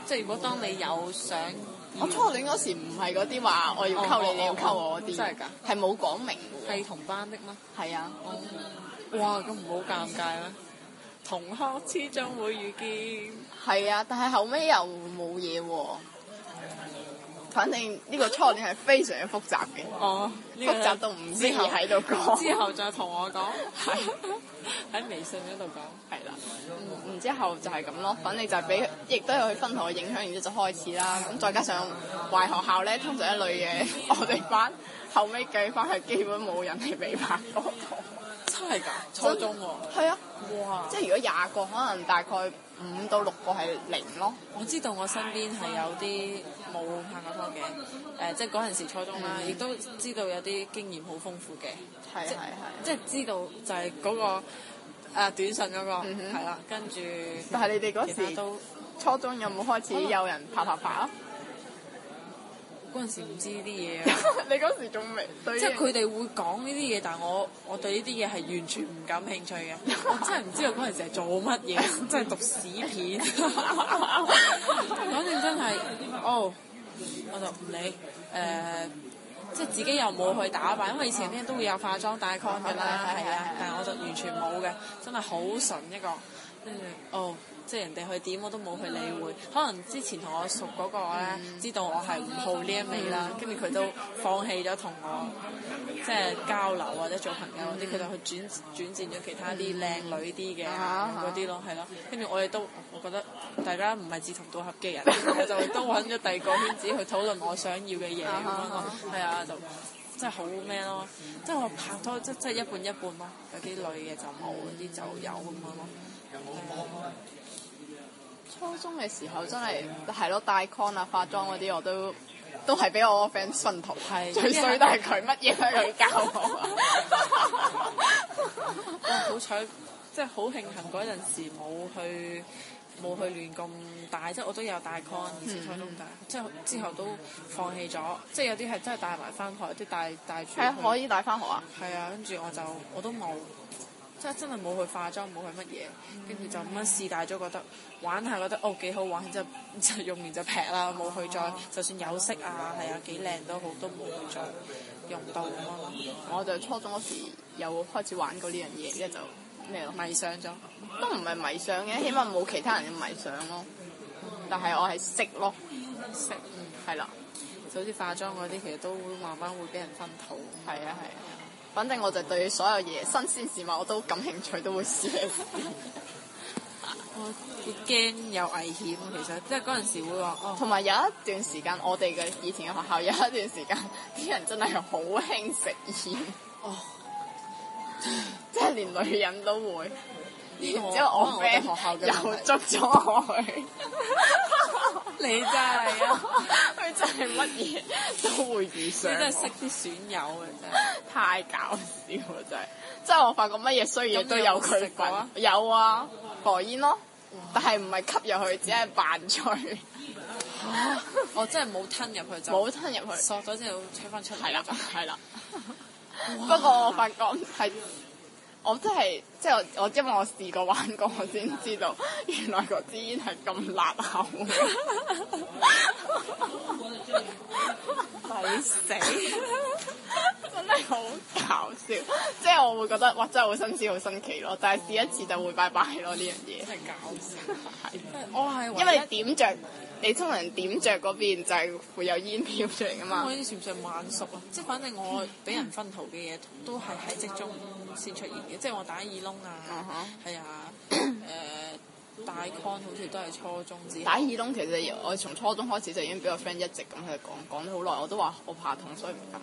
即係如果當你有想。 我初戀嗰時唔係嗰啲話我要溝、哦、你要、哦，你要溝我嗰啲、哦，係冇講明。係同班的嗎？係啊，oh. 哇咁唔好尷尬啦。同學始終會遇見。係、嗯、啊，但係後尾又冇嘢喎。反正呢個初戀係非常之複雜嘅，哦，這個就是、複雜到唔適宜喺度講，之後再同我講，喺喺 微信嗰度講，係啦 了，然之後就係咁咯。反正就係俾，亦都有佢分學嘅影響，然之後就開始啦。咁再加上壞學校咧，通常一類嘢，我哋班後尾計翻係基本冇人係未拍過拖，真係㗎， 初中喎，係啊就，哇，即係如果廿個可能大概。五到六個係零咯，我知道我身邊係有啲冇拍過拖嘅，誒、呃，即係嗰陣時初中啦，亦、嗯、都知道有啲經驗好豐富嘅，係係，係，即係知道就係嗰、嗰個誒、啊、短信嗰、嗰個係啦、嗯哼，跟住，但係你哋嗰時都初中有冇開始有人拍拍拍啊？嗯嗯。嗰陣時唔知呢啲嘢啊！你嗰時仲未對，即係佢哋會講呢啲嘢，但係我我對呢啲嘢係完全唔感興趣嘅。 我真係唔知道嗰陣時係做乜嘢， 真係讀屎片。反正 真係哦，我就唔理誒，即係自己又冇去打扮，因為以前啲人都會有化妝帶 con 嘅啦，係啊， 但係我就完全冇嘅，真係好純,純一個。嗯，哦，即係人哋去點我都冇去理會，可能之前同我熟嗰個咧，知道我係唔好呢一味啦，跟住佢都放棄咗同我即係交流或者做朋友啲，佢就去轉轉戰咗其他啲靚女啲嘅嗰啲咯，係咯，跟住我哋都我覺得大家唔係志同道合嘅人，佢就都揾咗第二個圈子去討論我想要嘅嘢咁樣咯，係啊，就真係好咩咯，即係我拍拖即即係一半一半咯，有啲女嘅就冇，有啲就有咁樣咯。初中嘅時候真係係咯，戴 con 啊、化妝嗰啲我都都係俾我個 friend 信訓導，的最衰都係佢乜嘢都佢教。我。好彩 即係好慶幸嗰陣時冇去冇、嗯、去亂咁戴，即係我都有戴 con，始終都唔戴。即係、嗯、之後都放棄咗，即、就、係、是、有啲係真係戴埋翻學，即戴戴住。係可以戴翻學啊？係啊，跟住我就，我，就我都冇。即真真係冇去化妝，冇去乜嘢，跟住就咁樣試大咗，覺得玩下覺得哦幾好玩，之後用完就劈啦，冇去再，哦、就算有色啊，係啊幾靚都好，都冇去再用到咯。嗯、我就初中嗰時有開始玩過呢樣嘢，跟住就咩咯，迷上咗，都唔係迷上嘅，起碼冇其他人嘅迷上咯。但係我係識咯，識，係啦、嗯。就好似化妝嗰啲其實都會慢慢會俾人分道。係啊，係啊。反正我就對所有嘢，新鮮事物我都感興趣，都會試。 我會驚有危險，其實即係嗰陣時會話。同、哦、埋有，有一段時間，我哋嘅以前嘅學校有一段時間，啲人真係好興食煙。哦 即係連女人都會。然之後我 friend 學校又捉咗我去，你真係，佢真係乜嘢都會遇上。你真係識啲損友啊！真係太搞笑啦！真係，即係我發覺乜嘢需要都有佢份。有啊，代煙咯，但係唔係吸入去，只係扮吹。我真係冇吞入去，就冇吞入去，嗦咗之後吹翻出嚟。係啦，係啦。不過我發覺係，我真係。即係我我因為我試過玩過，我先知道原來嗰支煙係咁辣口，抵死，真係好搞笑。 即係我會覺得哇，真係好新鮮、好新奇咯！但係試一次就會拜拜咯呢樣嘢。啊、真係搞笑，係 是。我係因為你點着，一你通常點着嗰邊就係會有煙飄出嚟㗎嘛。我以前上晚熟啊？即係反正我俾人分圖嘅嘢都係喺即中先出現嘅，即係我打耳窿。啊哈，係啊，誒戴 con 好似都係初中之打耳窿，其實我從初中開始就已經俾個 friend 一直咁去度講講咗好耐，我都話我怕痛，所以唔敢。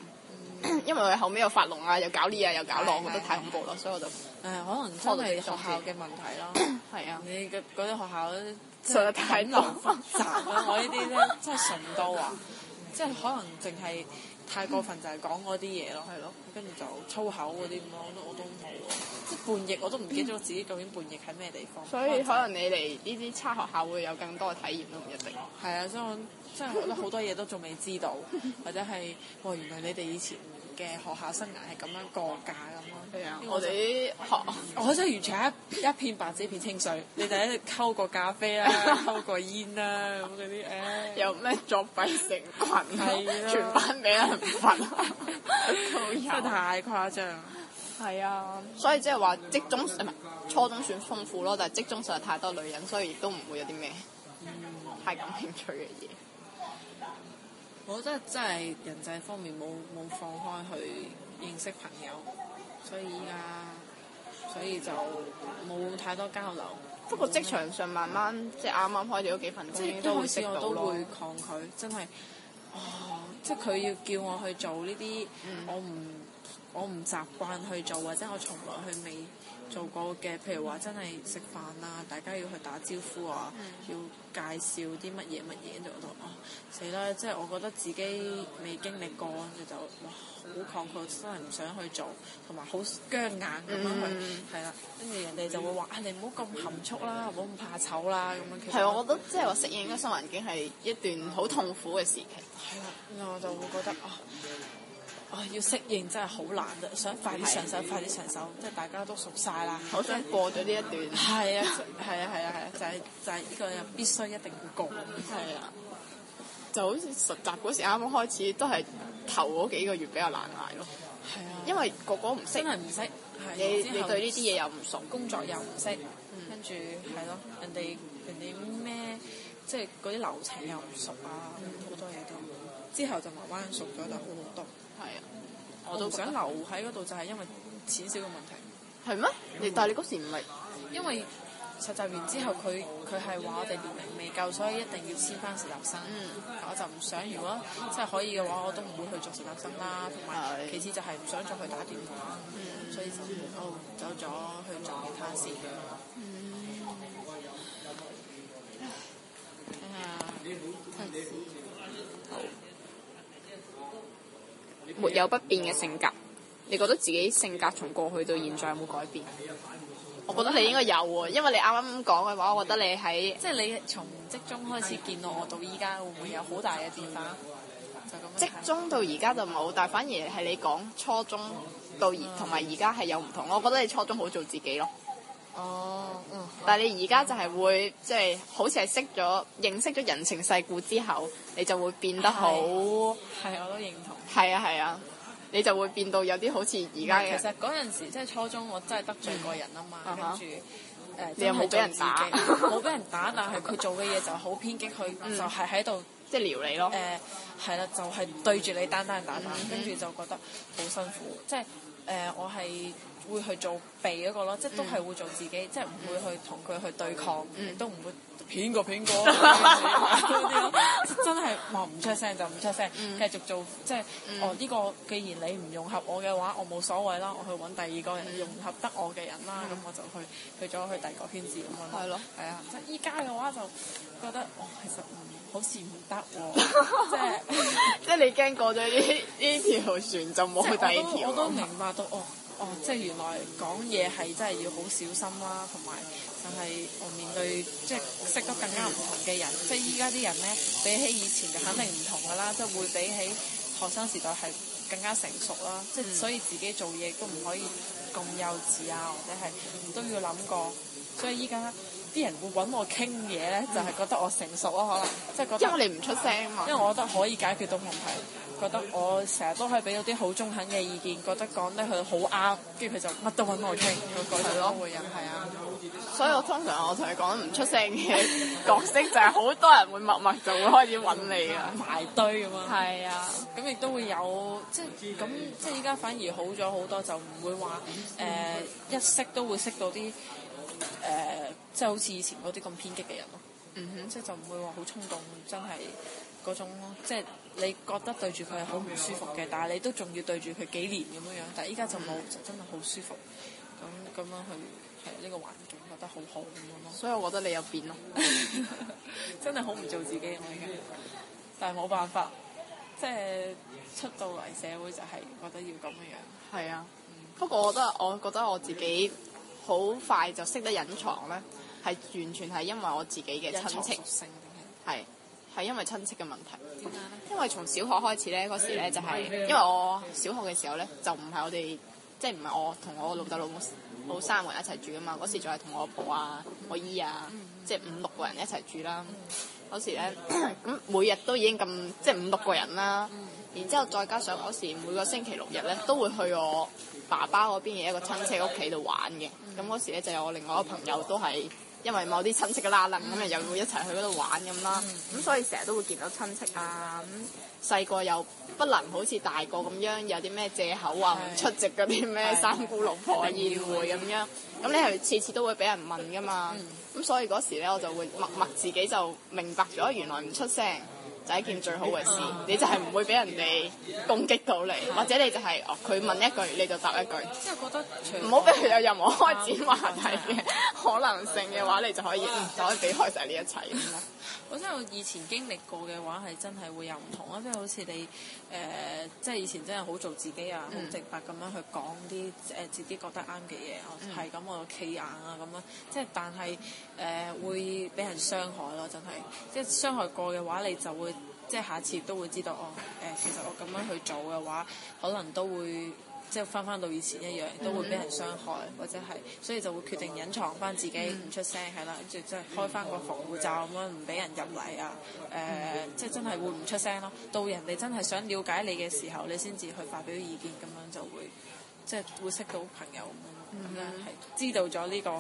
因為佢後尾又發膿啊，又搞呢嘢，又搞落，我覺得太恐怖啦，所以我就誒可能都係學校嘅問題咯。係啊，你嗰啲學校實在太難複雜啦，我呢啲咧真係神多啊，即係可能淨係。太過分，嗯、就係講嗰啲嘢咯，係咯，跟住就粗口嗰啲咁咯，我都、嗯、我都冇喎，即係叛逆我都唔記得我自己究竟叛逆喺咩地方。所以可能、就係、可能你哋呢啲差學校會有更多嘅體驗都唔、嗯、一定。係啊， 所以我真係覺得好多嘢都仲未知道， 或者係哇，原來你哋以前。嘅學校生涯係咁樣過假咁咯，啊、我哋想學，我真係完全一一片白紙一片清水，你哋喺度溝過咖啡啦、啊，溝 過煙啦、啊，咁啲， 唉、哎，有咩作弊成群、啊？羣、啊，全班俾人罰，啊、 真係太誇張。係啊，所以即係話職中唔係 初中算豐富咯，但係職中實在太多女人，所以亦都唔會有啲咩太感興趣嘅嘢。我覺得真係人際方面冇冇放開去認識朋友，所以依家所以就冇太多交流。不過職場上慢慢、嗯、即係啱啱開咗幾份工，嗯、都好似我都會抗拒，真係哦！即係佢要叫我去做呢啲，嗯、我唔。我唔習慣去做，或者我從來去未做過嘅，譬如話真係食飯啊，大家要去打招呼啊，要介紹啲乜嘢乜嘢，跟住我覺得死啦！即、啊、係、即係、我覺得自己未經歷過，就哇好抗拒，真係唔想去做，同埋好僵硬咁樣去，係啦、嗯。跟住人哋就會話：係、嗯、你唔好咁含蓄啦，唔好咁怕醜啦，咁樣。係啊，我覺得即係話適應一個新環境係一段好痛苦嘅時期。係啦，我就會覺得啊。哦，要適應真係好難，想快啲上手，快啲上手，即係大家都熟曬啦，好想過咗呢一段。係啊，係啊，係啊，係啊，就係就係呢個又必須一定要過。係啊，就好似實習嗰時啱啱開始，都係頭嗰幾個月比較難捱咯。係啊，因為個個唔識，真係唔識。係。你你對呢啲嘢又唔熟，工作又唔識，跟住係咯，人哋人哋咩，即係嗰啲流程又唔熟啊，好多嘢都。之後就慢慢熟咗，就好多。係啊，我就想留喺嗰度，就係、是、因為錢少嘅問題。係咩嗎？但係、嗯、你嗰時唔係因為實習完之後，佢佢係話我哋年齡未夠，所以一定要簽返實習生。嗯、我就唔想，如果真係可以嘅話，我都唔會去做實習生啦。同埋其次就係唔想再去打電話。是嗯、所以就、哦、走走咗去做其他事。嗯。睇下，沒有不變，嘅性格，你覺得自己性格從過去到現在有冇改變？我覺得你應該有喎，因為你啱啱講嘅話，我覺得你喺即係你從職中開始見到我到依家，會唔會有好大嘅變化？就職中到而家就冇，但係反而係你講初中到而家同埋而家係有唔同，我覺得你初中好做自己咯。哦，嗯，但係你而家就係會即係、就是、好似係識咗認識咗人情世故之後，你就會變得好係、啊啊，我都認同、啊。係啊係啊，你就會變到有啲好似而家其實嗰陣時即係初中，我真係得罪過人啊嘛，跟住誒你又冇俾人打，冇俾人打，但係佢做嘅嘢就好偏激，佢、嗯、就係喺度即係撩你咯。誒係啦，就係、是、對住你單單打打，跟住、嗯、就覺得好辛苦。即係誒我係。會去做避嗰個咯，即係都係會做自己，即係唔會去同佢去對抗，亦都唔會偏過偏過，真係話唔出聲就唔出聲，繼續做即係哦。呢個既然你唔融合我嘅話，我冇所謂啦，我去搵第二個人融合得我嘅人啦。咁我就去去咗去第二個圈子咁樣。係咯，係啊，即係依家嘅話就覺得哦，其實唔好似唔得喎，即係即係你驚過咗呢呢條船就冇去第二條。我都明白到哦。哦，即係原來講嘢係真係要好小心啦、啊，同埋就係我面對即係識得更加唔同嘅人，即係依家啲人咧，比起以前就肯定唔同噶啦，即係會比起學生時代係更加成熟啦、啊，即係、嗯、所以自己做嘢都唔可以咁幼稚啊，或者係都要諗過。所以依家啲人會揾我傾嘢咧，嗯、就係覺得我成熟咯、啊，可能即係覺得因為你唔出聲嘛、啊，因為我覺得可以解決到問題。覺得我成日都係俾到啲好中肯嘅意見，覺得講、嗯、得佢好啱，跟住佢就乜都揾我傾，個個人都會啊，係啊，所以我通常我同你講唔出聲嘅角色就係好多人會默默就會開始揾你、嗯、啊，埋堆咁樣啊，係啊，咁亦都會有即係咁即係依家反而好咗好多，就唔會話誒、呃、一識都會識到啲誒、呃、即係好似以前嗰啲咁偏激嘅人咯，嗯哼，即係就唔會話好衝動，真係嗰種即係。你覺得對住佢係好唔舒服嘅、嗯嗯嗯，但係你都仲要對住佢幾年咁樣樣，但係依家就冇，就真係好舒服。咁咁樣去係呢、呢個環境，覺得好好咁樣咯。所以我覺得你有變咯， 真係好唔做自己，我已經。但係冇辦法，即係出到嚟社會就係覺得要咁樣樣。係啊，嗯、不過我覺得我覺得我自己好快就識得隱藏咧，係完全係因為我自己嘅親情性定係因為親戚嘅問題，因為從小學開始咧，嗰時咧就係、是、因為我小學嘅時候咧，就唔係我哋即係唔係我同我老豆老母老三個人一齊住㗎嘛，嗰時仲係同我婆啊、我姨啊，即係、嗯、五六個人一齊住啦。嗰、嗯、時咧咁每日都已經咁即係五六個人啦，然之後再加上嗰時每個星期六日咧都會去我爸爸嗰邊嘅一個親戚屋企度玩嘅，咁嗰時咧就有我另外一個朋友都係。因為某啲親戚嘅拉楞咁，又會一齊去嗰度玩咁啦，咁所以成日都會見到親戚啊咁。細個又不能好似大個咁樣有啲咩借口話唔出席嗰啲咩三姑六婆嘅宴會咁樣，咁你係次次都會俾人問噶嘛，咁所以嗰時咧我就會默默自己就明白咗，原來唔出聲，就係一件最好嘅事，嗯、你就係唔會俾人哋攻擊到你，嗯、或者你就係、是、哦佢問一句你就答一句。即係覺得唔好俾佢有任何開展話題嘅可能性嘅話，嗯嗯、你就可以、嗯、就可以避、嗯、開晒呢一切。 本身我以前經歷過嘅話，係真係會有唔同啊、呃！即係好似你誒，即係以前真係好做自己啊，好、嗯、直白咁樣去講啲誒自己覺得啱嘅嘢，嗯、我係咁我企硬啊咁樣。即係但係誒、呃、會俾人傷害咯，真係！即係傷害過嘅話，你就會即係下次都會知道哦。誒、呃，其實我咁樣去做嘅話，可能都會。即係翻翻到以前一樣，都會俾人傷害，或者係，所以就會決定隱藏翻自己，唔、嗯、出聲係啦，跟住即係開翻個防護罩咁樣，唔俾、嗯、人入嚟啊！誒、嗯，即係、呃就是、真係會唔出聲咯。到人哋真係想了解你嘅時候，你先至去發表意見，咁樣就會即係、就是、會識到朋友咁咯。知道咗呢個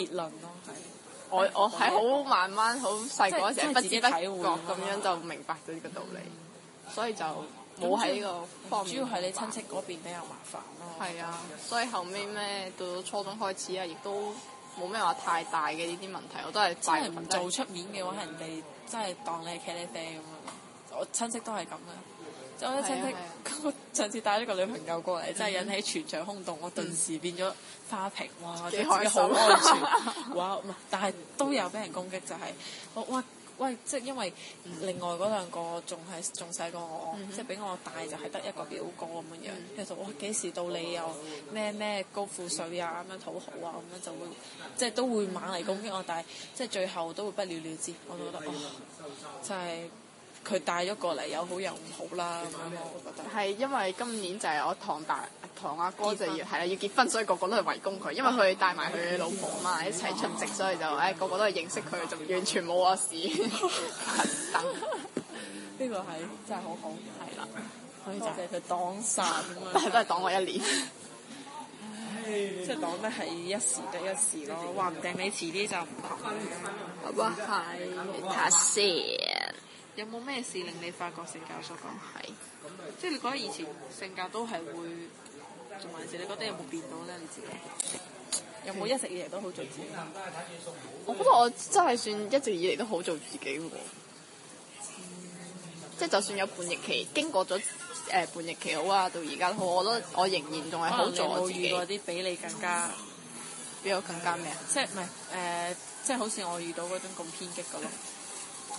結論咯，係 我我喺好慢慢、好細個時候自己體會，咁樣就明白咗呢個道理，所以就。 冇喺呢個，主要係你親戚嗰邊比較麻煩咯。係啊，所以後尾咩到初中開始啊，亦都冇咩話太大嘅呢啲問題，我都係真係唔做出面嘅話，嗯、人哋真係當你係茄哩啡咁樣！我親戚都係咁嘅，即係我啲親戚，啊啊、 上次帶咗個女朋友過嚟，真係引起全場轟動，我頓時變咗花瓶。哇！你開心、啊哇就是，哇！唔係，但係都有畀人攻擊就係我哇。喂，即係因為另外嗰兩個仲係仲細過我。嗯、哼即係比我大就係得一個表哥咁樣樣。其實、嗯、哼哇，幾時到你又咩咩高富帥啊，咁樣討好啊，咁樣就會，即係都會猛嚟攻擊我，嗯、哼但係即係最後都會不了了之，我都覺得哦，就係、是。佢帶咗過嚟有好又唔好啦，咁樣我覺得係因為今年就係我堂大堂阿哥就要係啊要結婚，所以個個都係圍攻佢，因為佢帶埋佢老婆啊嘛，一齊出席，所以就誒個個都係認識佢，就完全冇我事。呢個係真係好好，係啦，就俾佢擋曬，但係都係擋我一年，即係擋得係一時得一時咯，話唔定你遲啲就唔同，係唔係？太善。有冇咩事令你發覺性格所講？係是，即係你覺得以前性格都係會做壞事，你覺得你有冇變到咧？你自己全有冇一直以嚟都好做自己？全我覺得我真係算一直以嚟都好做自己嘅喎，即係、嗯、就算有叛逆期，經過咗誒叛逆期好啊，到而家都好，我覺得我仍然仲係好做自己。你有冇遇過啲比你更加，嗯、比較更加咩、嗯、即係唔係誒？即係好似我遇到嗰種咁偏激嘅咯。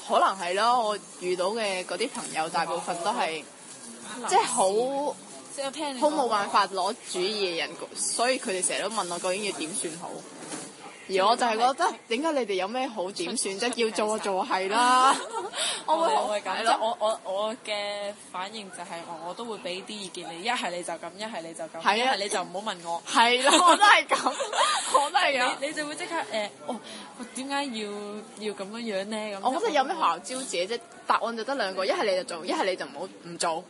可能係囉，我遇到嘅嗰啲朋友大部分都係 即係好，好冇 辦法攞主意嘅人，所以佢哋成日都問我究竟要點算好。而我就係覺得，點解你哋有咩好點算即叫做就做係啦，我會係咁。即我我我嘅反應就係我我都會俾啲意見你，一係你就咁，一係你就咁，係啊，你就唔好問我。係咯，我都係咁，我都係咁。你就會即刻誒，哦，點解要要咁樣樣咧？咁我覺得有咩學校招姐啫？答案就得兩個，一係你就做，一係你就唔好唔做。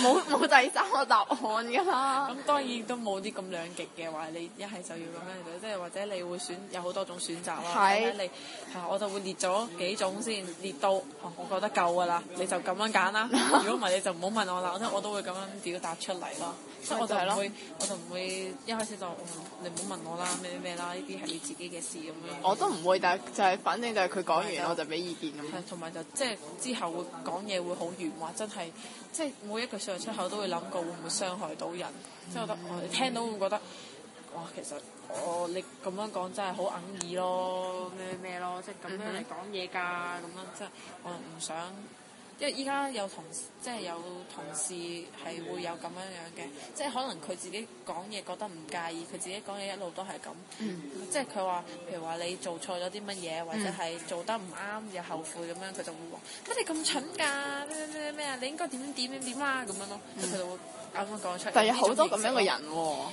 冇冇 第三個答案㗎啦！咁當然都冇啲咁兩極嘅話，你一係就要咁樣做，即係或者你會選有好多種選擇啦。係是，看看你係我就會列咗幾種先，列到、哦、我覺得夠㗎啦，你就咁樣揀啦。如果唔係，你就唔好問我啦。我都我都會咁樣表達出嚟咯。即係 我就唔會，我就唔會一開始就、嗯、你唔好問我啦，咩咩啦，呢啲係你自己嘅事咁樣。我都唔會，但就係反正就係佢講完的我就俾意見咁。同埋就即係之後會講嘢會好圓滑，真係即係每一句，出出口都會諗過會唔會傷害到人，嗯、即我覺得我、嗯哦、聽到會，會覺得，哇，其實我、哦、你咁樣講真係好噏耳咯，咩咩咯，即係咁樣嚟講嘢㗎，咁、嗯、樣、嗯、即係我唔想。因為依家有同，即係有同事係會有咁樣樣嘅，即係可能佢自己講嘢覺得唔介意，佢自己講嘢一路都係咁，嗯、即係佢話，譬如話你做錯咗啲乜嘢，或者係做得唔啱又後悔咁樣，佢就會話：乜你咁蠢㗎？咩咩咩咩？你應該點點點點啦咁樣咯。佢、嗯、就會啱啱講出嚟，哦。但係有好多咁樣嘅人喎。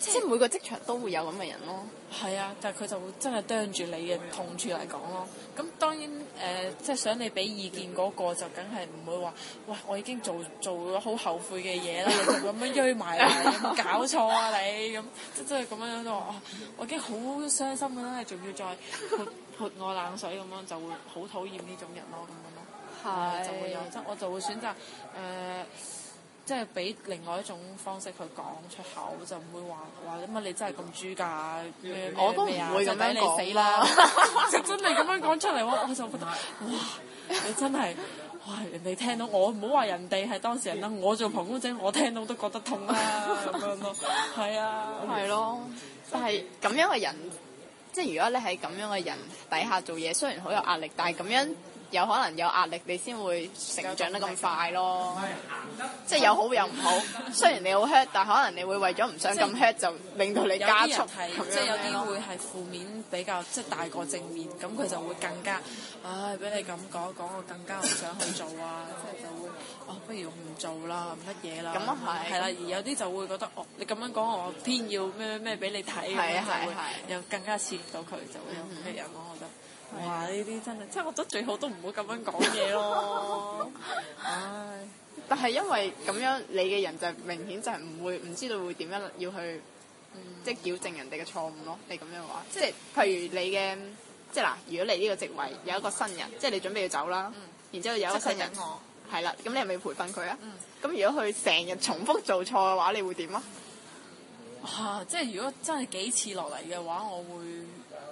即係每個職場都會有咁嘅人咯，係 啊，但係佢就會真係啄住你嘅痛處嚟講咯。咁當然誒，即、呃、係、就是、想你俾意見嗰、那個就梗係唔會話，哇！我已經做做咗好後悔嘅嘢啦，你仲咁樣鬱埋， 有冇搞錯啊你？咁即係咁樣都話、欸，我已經好傷心嘅啦，仲要再潑潑我冷水，咁樣就會好討厭呢種人咯，咁樣咯，就會有，即我就會選擇誒。呃即係俾另外一種方式去講出口就，就唔會話話乜你真係咁豬㗎我都唔會咁樣！咁俾你死啦！真真咁樣講出嚟，我就覺得哇，你真係哇！人哋聽到我唔好話人哋係當事人啦，我做旁觀者，我聽到都覺得痛啦咁樣咯。係啊，係咯、 啊。但係咁樣嘅人，即係如果你喺咁樣嘅人底下做嘢，雖然好有壓力，但係咁樣。有可能有壓力，你先會成長得咁快咯。即係有好有唔好，雖然你好 hurt，但可能你會為咗唔想咁 hurt 就令到你加速。有即係有啲會係負面比較即係大過正面，咁佢就會更加唉俾你咁講講，我更加唔想去做啊，即係就會哦，不如唔做啦，乜嘢啦。咁啊係。係啦，而有啲就會覺得哦，你咁樣講我偏要咩咩咩俾你睇，咁就會又更加刺激到佢，就會有啲人講覺得。哇！呢啲真係，即係我覺得最好都唔好咁樣講嘢咯。唉，但係因為咁樣，你嘅人就明顯就係唔會唔知道會點樣要去，即係矯正人哋嘅錯誤咯。你咁樣話，即係譬如你嘅，即係嗱，如果你呢個職位有一個新人，即係你準備要走啦，然之後有一個新人，係啦，咁你係咪要培訓佢啊？咁如果佢成日重複做錯嘅話，你會點啊？哇！即係如果真係幾次落嚟嘅話，我會。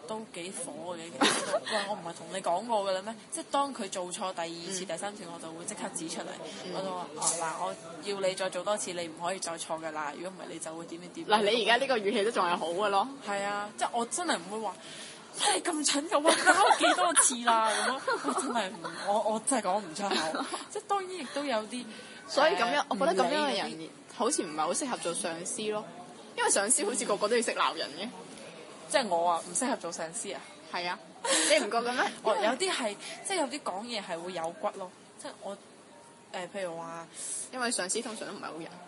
都幾火嘅，其實我唔係同你講過嘅啦咩？即係當佢做錯第二次、第三次，我就會即刻指出嚟。嗯、我就話：啊嗱，我要你再做多次，你唔可以再錯嘅啦。如果唔係，你就會點點點。嗱，你而家呢個語氣都仲係好嘅咯。係、嗯嗯嗯、啊，即係我真係唔會話，唉咁蠢嘅喎，講咗幾多次啦咁咯，真係唔我我真係講唔出口。即係當然亦都有啲，所以咁樣，呃、我覺得咁樣嘅人好似唔係好適合做上司咯，因為上司好似個個都要識鬧人嘅。嗯即係我啊，唔適合做上司啊。係啊，你唔覺噉咩？哦，有啲係，即係有啲講嘢係會有骨咯。即係我誒、呃、譬如話，因為上司通常都唔係好人。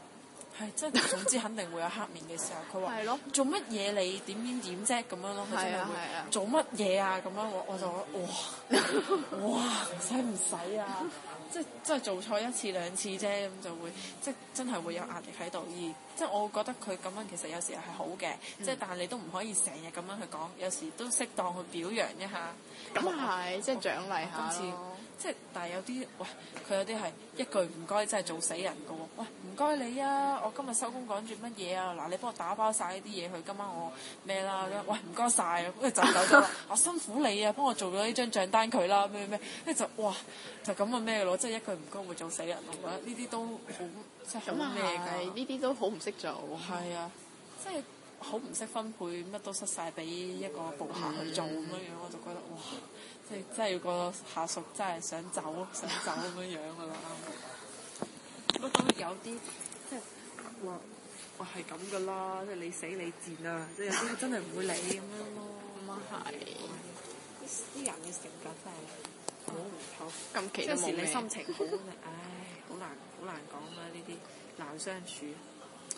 係，即係 總之肯定會有黑面嘅時候。佢話 做乜嘢你點點點啫咁樣咯，佢真係會做乜嘢啊咁樣，我我就哇哇使唔使啊？ 即係即係做錯一次兩次啫，咁就會即係真係會有壓力喺度。而即係我覺得佢咁樣其實有時候係好嘅，即係、嗯、但係你都唔可以成日咁樣去講，有時都適當去表揚一下。咁係，即係獎勵下咯。哦，今次即係，但係有啲喂，佢有啲係一句唔該真係做死人噶喎！喂，唔該你啊，我今日收工趕住乜嘢啊？嗱，你幫我打包晒呢啲嘢去，今晚我咩啦？喂、啊，唔該晒，跟住就走咗啦。我、 啊、辛苦你啊，幫我做咗呢張帳單佢啦，咩咩咩，跟住就哇，就咁啊咩咯！即係一句唔該會做死人，我覺、嗯、得呢啲都好即係好咩嘅，呢啲都好唔識做。係啊，即係好唔識分配，乜都失晒俾一個部下去做咁樣樣，嗯、我就覺得哇～即係真係要個下屬真係想走想走咁樣、 嗯、樣噶啦，不過有啲即係話，哇係咁噶啦，即係你死你賤啊！即係有啲真係唔會理咁樣咯，咁啊係，啲、嗯、人嘅性格真係、嗯 oh, 好唔錯，近期都即係你心情好， 唉，好難好難講啦呢啲難相處。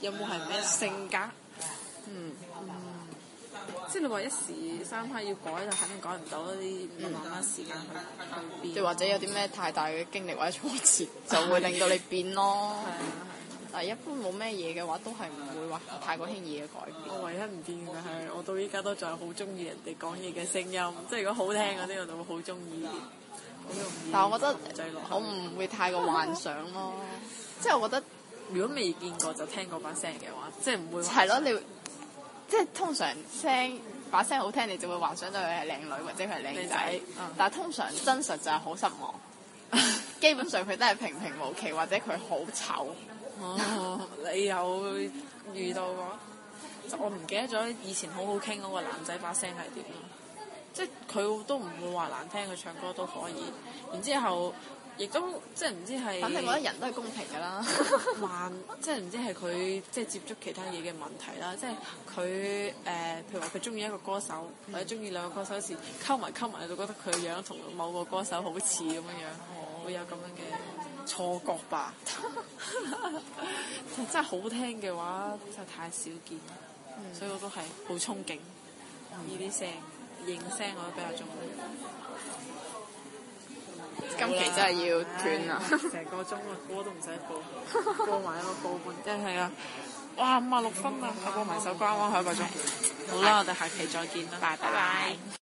有冇係咩性格？嗯，即係你話一時三刻要改就肯定改唔到啦，啲慢慢時間去變，即或者有啲咩太大嘅經歷或者挫折，就會令到你變咯。係啊係，但係一般冇咩嘢嘅話，都係唔會話太過輕易嘅改變。我唯一唔變嘅係，我到依家都仲係好中意人哋講嘢嘅聲音，即係如果好聽嗰啲，我就會好中意。但係我覺得我唔會太過幻想咯，即係我覺得。如果未見過就聽過把聲嘅話，即係唔會話係咯。你會即係通常聲把聲好聽，你就會幻想到佢係靚女或者佢係靚仔。嗯、但係通常真實就係好失望。 基本上佢都係平平無奇，或者佢好醜。哦、 你有遇到過？嗯、我唔記得咗以前好好傾嗰個男仔把聲係點。即係佢都唔會話難聽，佢唱歌都可以。然之後。亦都即係唔知係，反正我覺得人都係公平㗎啦。 還即係唔知係佢即係接觸其他嘢嘅問題啦，即係佢誒，譬如話佢中意一個歌手或者中意兩個歌手時，溝埋溝埋就覺得佢樣同某個歌手好似咁樣樣，哦、會有咁樣嘅錯覺吧。 真係好聽嘅話就太少見，嗯、所以我都係好憧憬呢啲、嗯、聲音，認聲音聲我都比較中意。今期真係要斷啦，成個鐘啊，波都唔使播。播埋一個高分，真係啊！哇，五啊六分啊，嗯、我播埋首歌關，嗯、我海個鐘，好啦，我哋下期再見，拜拜。拜拜